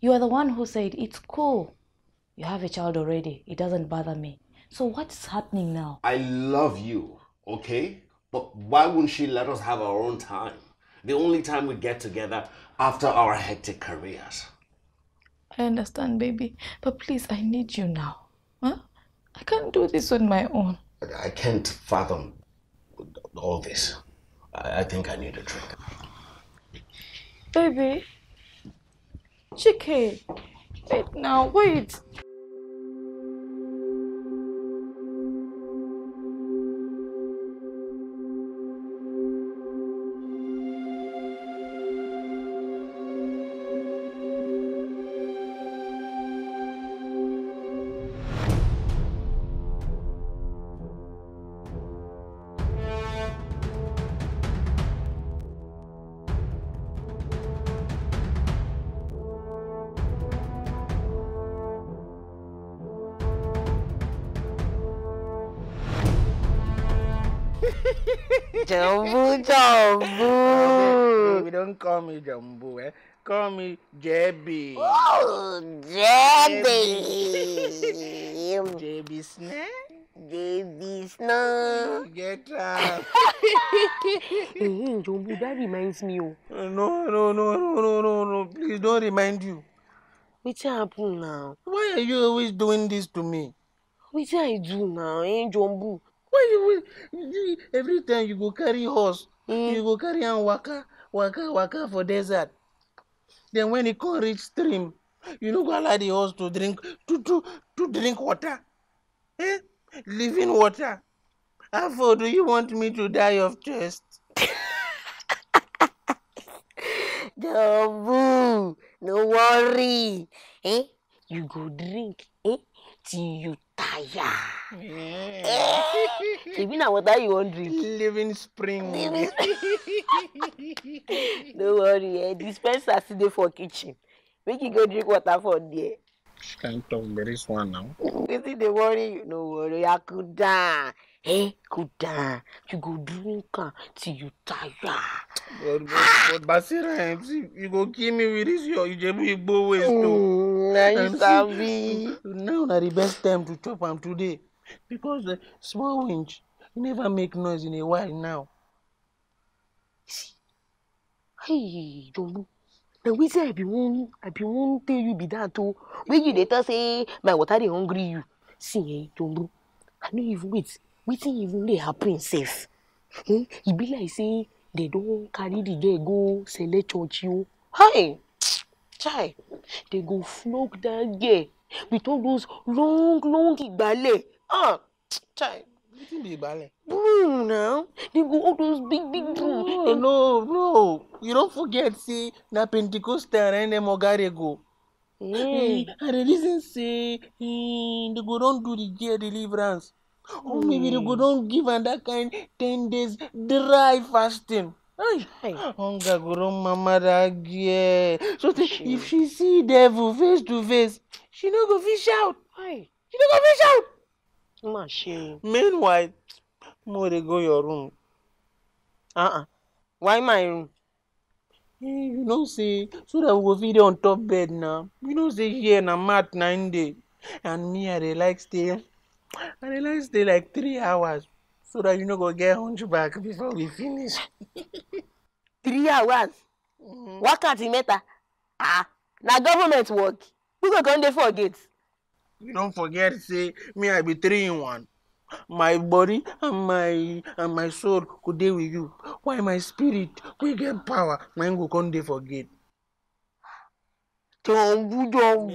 You are the one who said, It's cool. You have a child already. It doesn't bother me. So what's happening now? I love you, okay? But why wouldn't she let us have our own time? The only time we get together after our hectic careers. I understand, baby. But please, I need you now. Huh? I can't do this on my own. I can't fathom all this. I think I need a drink. Baby, chicken, wait now, wait. Jumbo, eh? Call me JB. Oh, JB. JB Snare? JB Snare. Get up. [laughs] hey, Jumbo, that reminds me. Oh. No, no, no, no, no, no, no. Please don't remind you. What's happened now? Why are you always doing this to me? What I do now, eh, Jumbo? Why you, every time you go carry horse, mm. you go carry and waka waka waka for desert then when e come reach stream you no go allow the horse to drink to to to drink water eh living water how for do you want me to die of thirst. Double, [laughs] no worry. Eh? You go drink eh? till you tire. Even eh. na water you wan drink. Living spring. [laughs] no worry, eh? dispenser still dey for kitchen. Make you go drink water for there. She can't talk very swan now. Wetin dey worry you? No worry, I could die. Hey, go down. You go drink uh, till you tire. But, but, but Basira, MC, you go kill me with this your Ijebu Igbo waste. Mm, now you sabi. Now na the best time to chop am today because the small winch never make noise in a while now. see hey jumbo we say i be wan i be wan tell you be that o oh, When you later say my water dey hungry you see hey, eh, jumbo i know even wait wetin even they happen sef eh e be like say they don't carry the girl go sele church you. Oh. Hey, try. They go flog that girl with all those long long ballet. Ah, child. Wetin be Baale? Broom now. They go all those big, big broom. No, no, no. You don't forget, say, na Pentecostal and them Ogare go. Hey. I dey reason say hey, they go don do the gear deliverance. Mm. maybe they go don give am that kind ten days dry fasting. Hunger go don mama that gear. So she... if she see devil face to face, she no go fit shout. Aye. She no go fit shout mà ṣe o. meanwhile mo dey go your room uh-uh. why my room. Hey, eh, you know say so that we go fit dey on top bed na you know say here na mad nine day and me i dey like stay i dey like stay like three hours so that you no go get hunchback before we finish. [laughs] three hours mm-hmm. wákàtí mẹ́ta ah na government work we go come dey for gate you don't forget say me i be three in one my body and my and my soul could deal with you Why my spirit wey get power na im go come dey for gate. jọ̀wọ́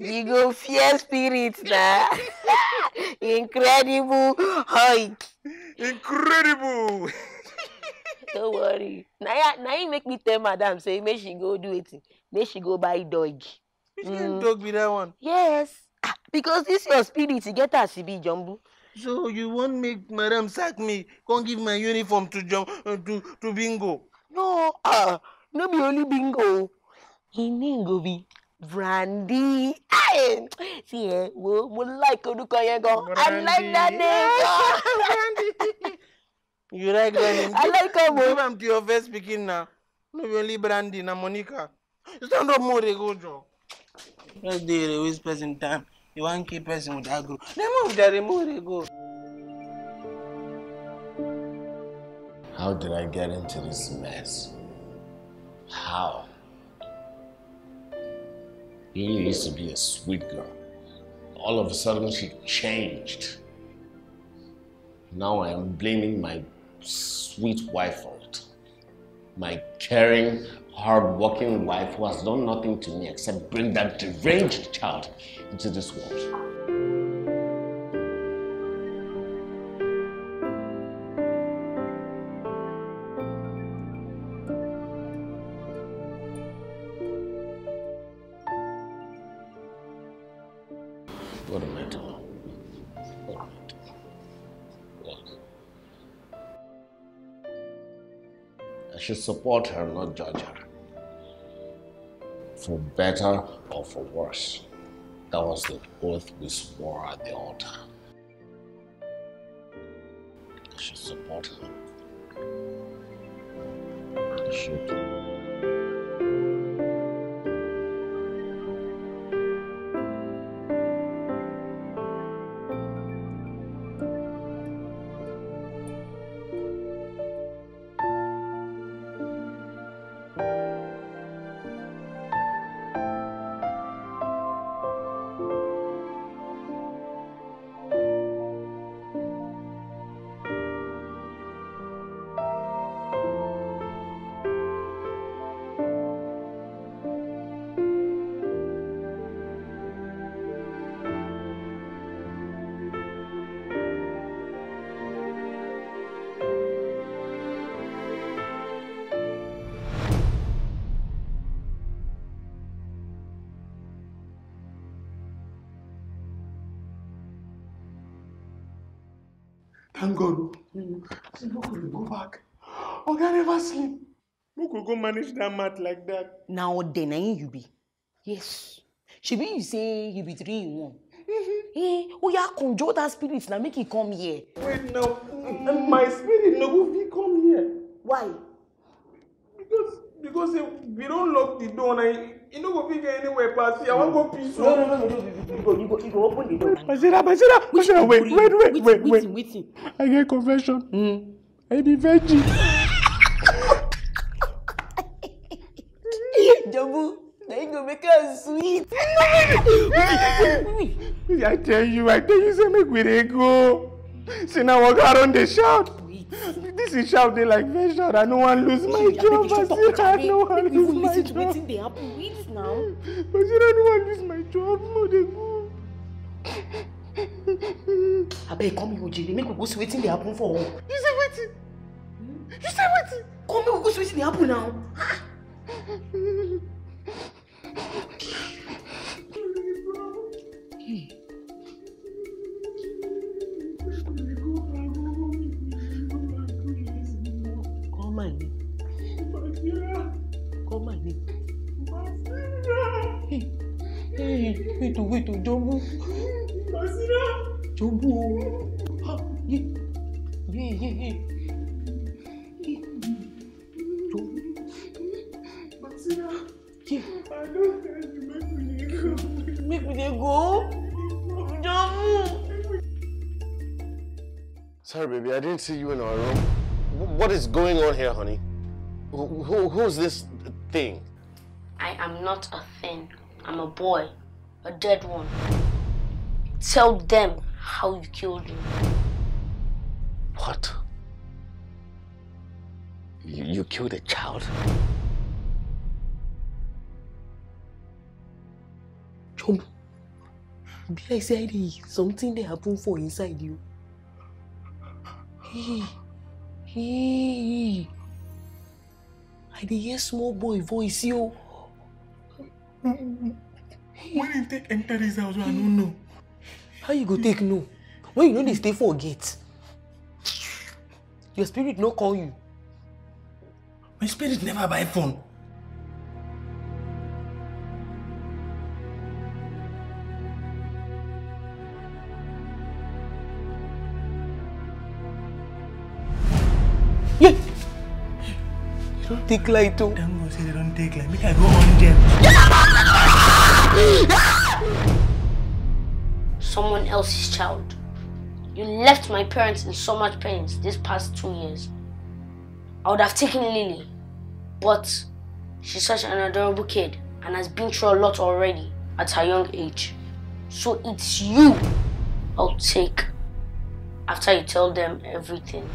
you go fear spirit na [laughs] incredible hug. incredible. Don't worry now you make me tell madam say make she go do it. make she go buy dog. You can mm. talk with that one. Yes. Ah, because this your spirit, you get us be jumbo. So you won't make madam sack me, come give my uniform to jump uh, to, to bingo. No, uh, no be only bingo. He name be brandy. See, eh, wo, mo like orúkọ yẹn gan. I like that name. brandy. [laughs] you like that name? I like am. Give am to your first pikin now. No be only brandy, na Monica. Stand up more, go, Joe. Just waste person time. You person with go. How did I get into this mess? How? Lily used to be a sweet girl. All of a sudden, she changed. Now I am blaming my sweet wife for it. My caring, hardworking wife who has done nothing to me except bring that deranged child into this world. should support her, not judge her for better or for worse. That was the oath we swore at the altar. I should support her. I should. I never sleep make could go manage that math like that? Now, ode na im you be yes shebi you say you be three in one mm-hmm. eh oya conjure dat spirit now. make e come here wait now my spirit no go be come here why because because say we don't lock the door I, e no go figure anywhere pass here i wan go peace no no no no you go you go you go open the door bashira bashira bashira wait wait wait wait wait i get confession mm. i be virgin. sweet. I tell you, I tell you, say make we go. See now walk around dey shout. This is shout they like version. I no wan lose my job. I no wan lose my job. Wetin dey happen? But you no wan lose my job. No dey come here Ojere make we go see wetin dey happen for You say what? Hmm? You say what? Come here, we go see wetin dey happen now. Ah! see you in our room. What is going on here, honey? Who, who, who's this thing? I am not a thing. I'm a boy. A dead one. Tell them how you killed him. What? You, you killed a child? Chum, be I said something that happened for inside you hey. i dey hear small boy voice yo. when you take enter dis house wey i no know. how you go take no? when you know they stay for gate your spirit no call you. my spirit never buy phone. take light too. Thank God say they don't take light. Make I go on them. Someone else's child. You left my parents in so much pain this past two years. I would have taken Lily, but she's such an adorable kid and has been through a lot already at her young age. So it's you I'll take after you tell them everything.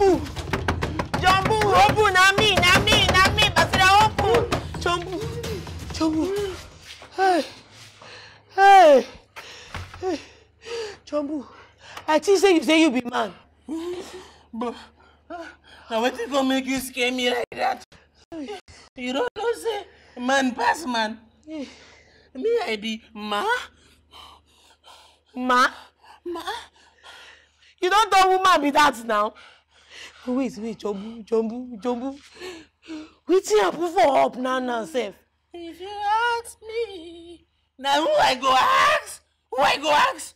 open jọ̀ǹbù open na me na me na me Basira open hey, hey, jọ̀ǹbù I think say you say you be man. But na wetin go make you scare me like that? You don't know say man pass man. Me I be ma. Ma? Ma? You don't know woman be that now wait wait jumbo, jumbo. jumbu wetin happen for up now now sef. if you ask me na who i go ask who i go ask.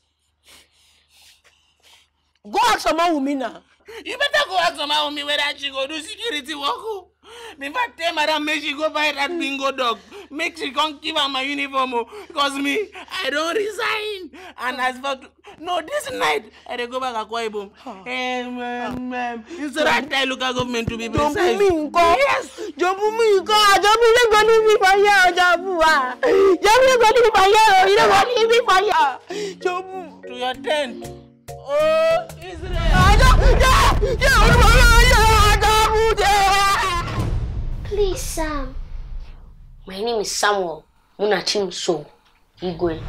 go ask mama wunmi na. you better go ask mama wunmi whether she go do security work o. Oh. In fact, tell madam make she go buy that bingo dog. Make she come give her my uniform, oh, because me, I don't resign. And as for no, this night I dey go back Akwa Ibom. Huh. Um, um, um, instead I tell local government to be precise. Jọ̀bùnmí nǹkan. Yes. Jọ̀bùnmí nǹkan. Jọ̀bùnmí nǹkan ní bí fàyà ọjà bùwà. Jọ̀bùnmí nǹkan ní fàyà ọjà bùwà ní bí fàyà. Jọ̀bù. To your tent. Oh, Israel. Àjọ jẹ́ jẹ́ olùmọ̀lá yẹ àjọ bùjẹ́. Please, Sam. My name is Samuel Munachim So Igwe.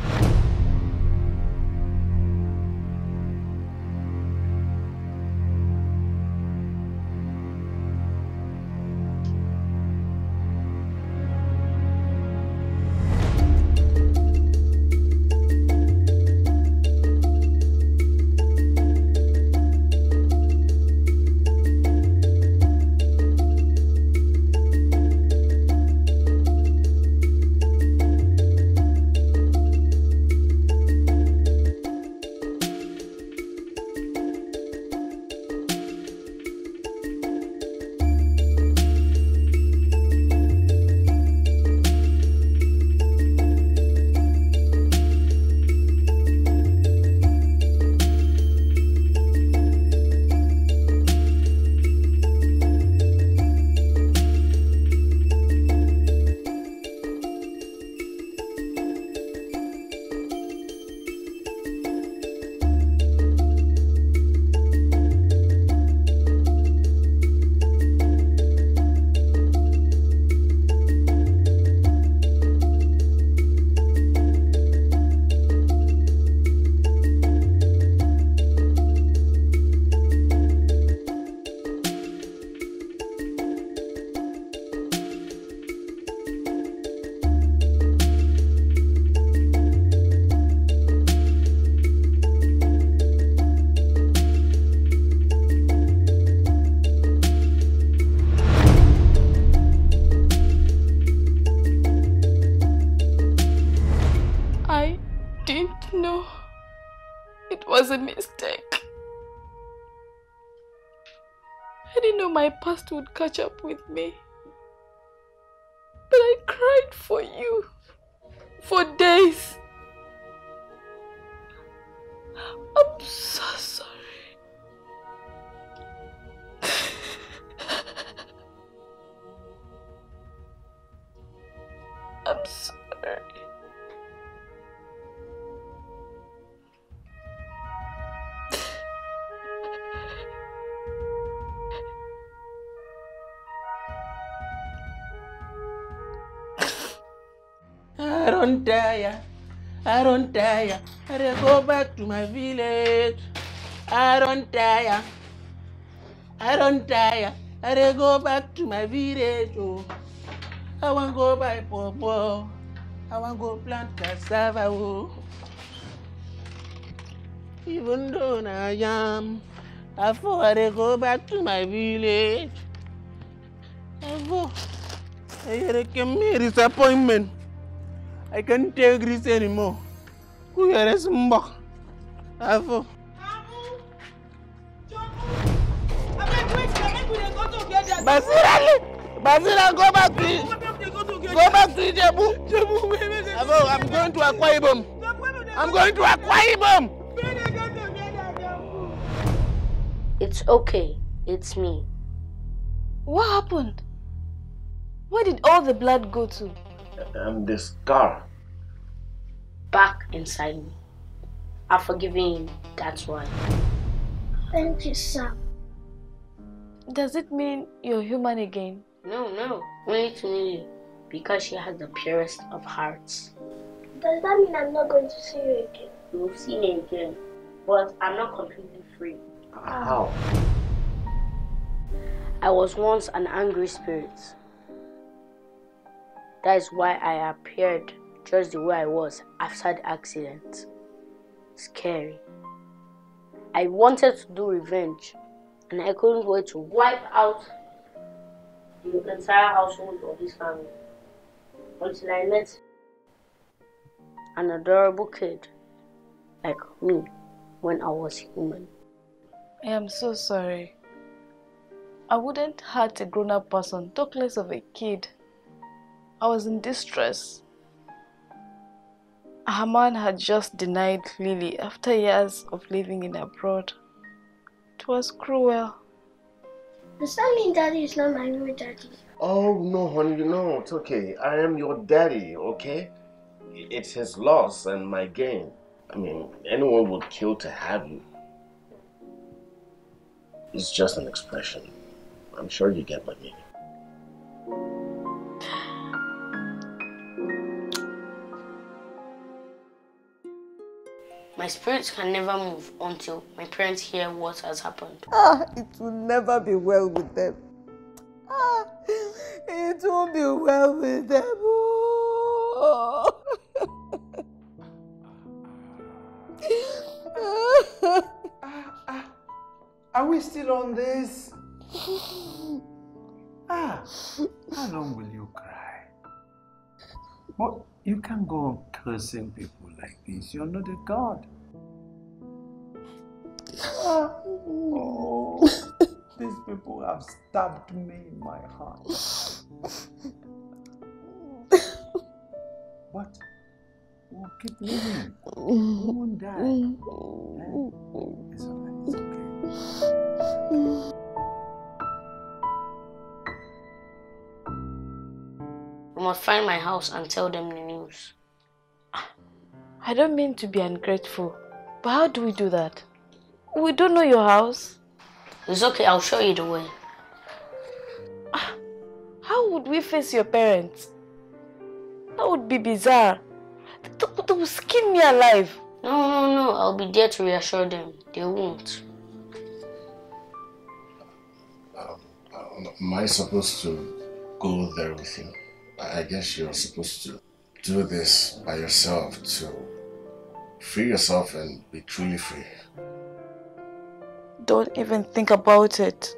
didn't know. It was a mistake. I didn't know my past would catch up with me. But I cried for you. For days. I'm so sorry. don't tire, I don't tire. I go back to my village. I don't tire, I don't tire. I go back to my village. Oh, I wan go buy pawpaw. I wan go plant cassava. Oh, even though na yam, I for I dey go back to my village. I go. I dey come here disappointment. I can't take this anymore. Kuyere Smbok. Afo. Basirali! Basira, go back to Go back to Jebu. Jebu, Afo, I'm going to acquire Ibom. I'm going to acquire Ibom. It's okay. It's me. What happened? Where did all the blood go to? um, the scar back inside me. I've forgiven him, that's why. Thank you, sir. Does it mean you're human again? No, no. Only to you. Because she has the purest of hearts. Does that mean I'm not going to see you again? You will see me again. But I'm not completely free. How? I was once an angry spirit. That is why I appeared just the way I was after the accident. Scary. I wanted to do revenge and I couldn't wait to wipe out the entire household of this family until I met an adorable kid like me when I was human. I am so sorry. I wouldn't hurt a grown up person, talk less of a kid. I was in distress. man had just denied Lily after years of living in abroad. It was cruel. Does that mean daddy is not my real daddy? Oh, no, honey, no, it's okay. I am your daddy, okay? It's his loss and my gain. I mean, anyone would kill to have you. It's just an expression. I'm sure you get my meaning. My spirits can never move until my parents hear what has happened. Ah, it will never be well with them. Ah, it won't be well with them. Oh. [laughs] are we still on this? [laughs] Ah, how long will you cry? What? You can't go on cursing people like this. You're not a god. oh, [laughs] these people have stabbed me in my heart. what? We'll keep living. We won't die. Eh? It's It's okay. I must find my house and tell them I don't mean to be ungrateful, but how do we do that? We don't know your house. It's okay, I'll show you the way. [sighs] How would we face your parents? That would be bizarre. They, they will skin me alive. No, no, no, I'll be there to reassure them. They won't. Um, uh, am I supposed to go there with you? I guess you're supposed to do this by yourself to free yourself and be truly free. Don't even think about it.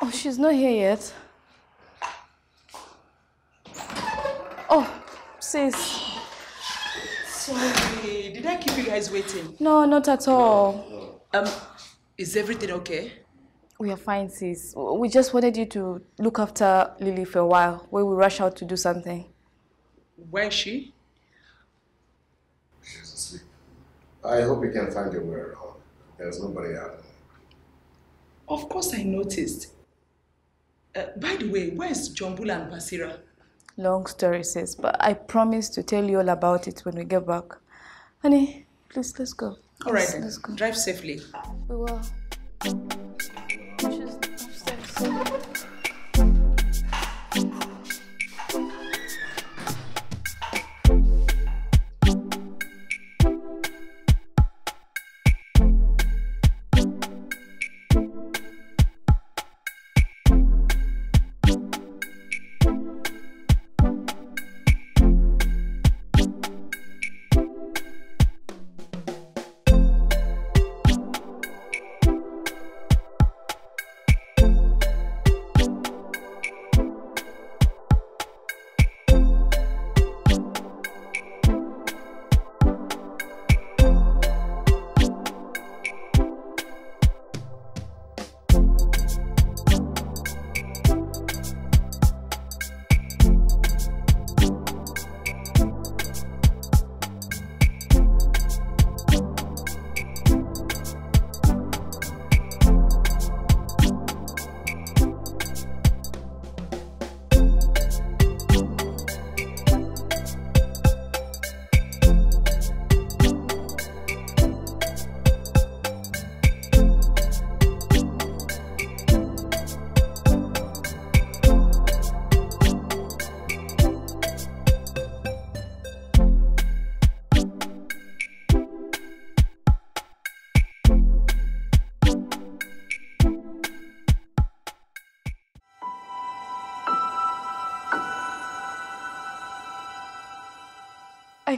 Oh, she's not here yet. sis. Sorry, did I keep you guys waiting? No, not at all. Um, is everything okay? We are fine, sis. We just wanted you to look after Lily for a while while we rush out to do something. Where is she? She's asleep. I hope you can find your way around. There's nobody out Of course I noticed. Uh, by the way, where is Jombula and Basira? Long story says, but I promise to tell you all about it when we get back. Honey, please, let's go. All right, let's, then. Let's go. Drive safely. We will.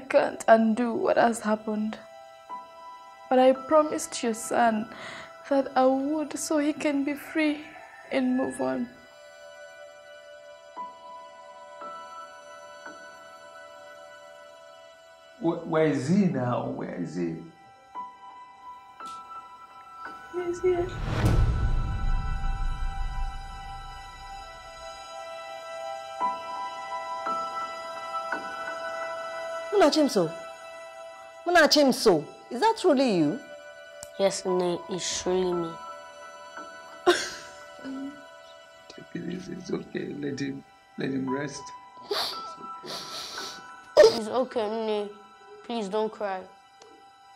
can't undo what has happened. But I promised your son that I would so he can be free and move on. Where is he now? Where is he? He's here. Munachimso. Munachimso, is that truly you? Yes, Nne, it's truly me. it's okay. Let him, let him rest. It's okay, it's okay Nne. Please don't cry.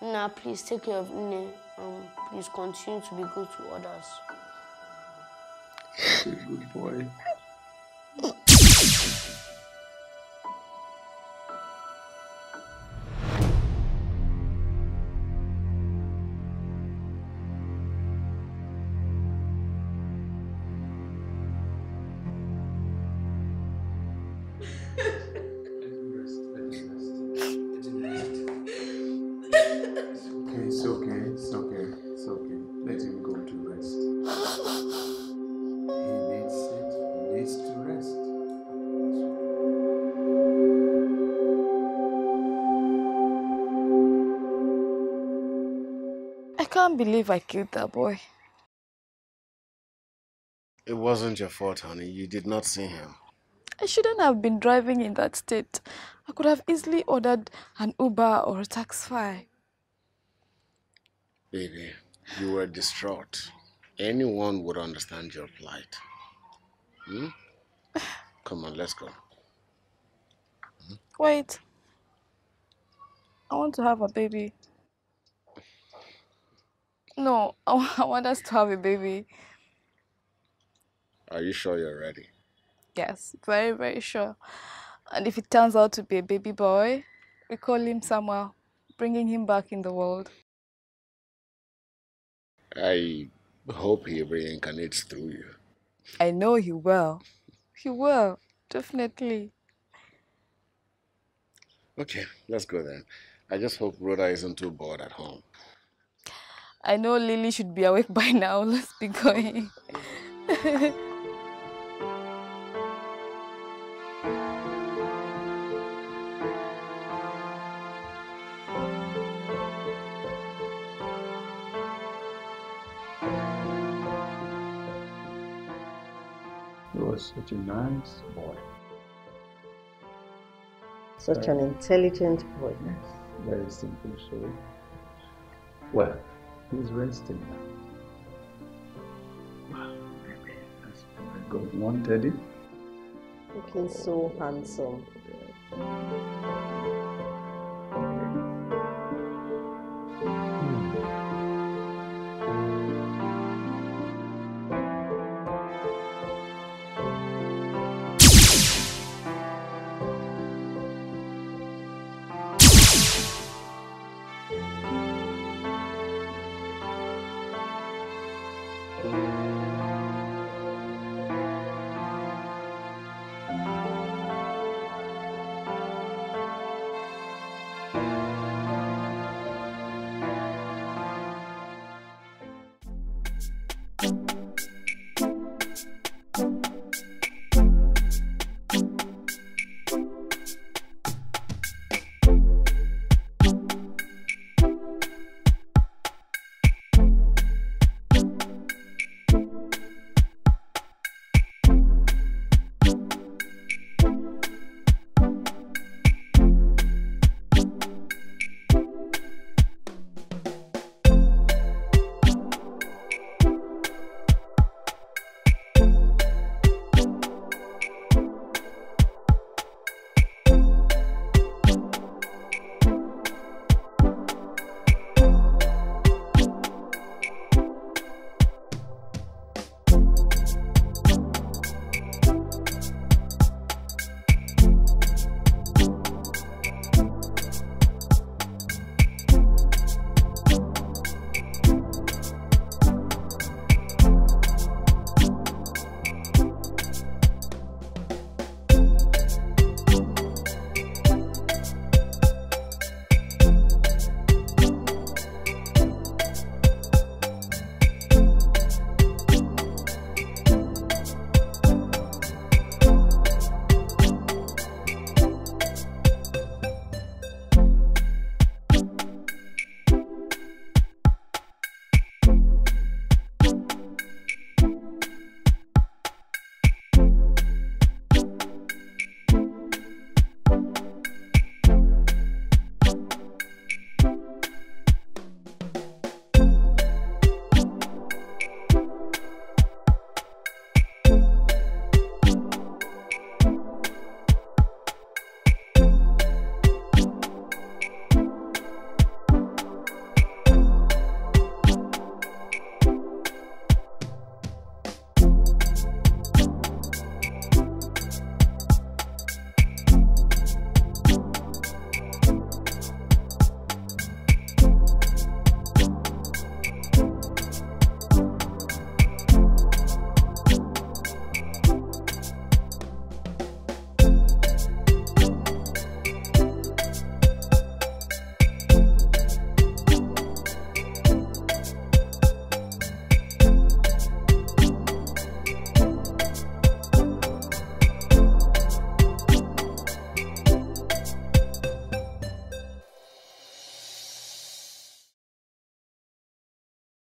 Now, please take care of Nne and please continue to be good to others. Good boy. can't believe I killed that boy. It wasn't your fault, honey. You did not see him. I shouldn't have been driving in that state. I could have easily ordered an Uber or a taxi. Baby, you were distraught. Anyone would understand your plight. Hmm? [sighs] Come on, let's go. Hmm? Wait. I want to have a baby. No, [laughs] I want us to have a baby. Are you sure you're ready? Yes, very, very sure. And if it turns out to be a baby boy, we call him Samuel, bringing him back in the world. I hope he reincarnates through you. I know he will. He will, definitely. Okay, let's go then. I just hope Rhoda isn't too bored at home. I know Lily should be awake [laughs] by now. Let's be going. He [laughs] was such a nice boy. Such very, an intelligent boy. Yes, very simple soul. Well, He's resting now. Maybe God wanted him. Eh? Looking so handsome.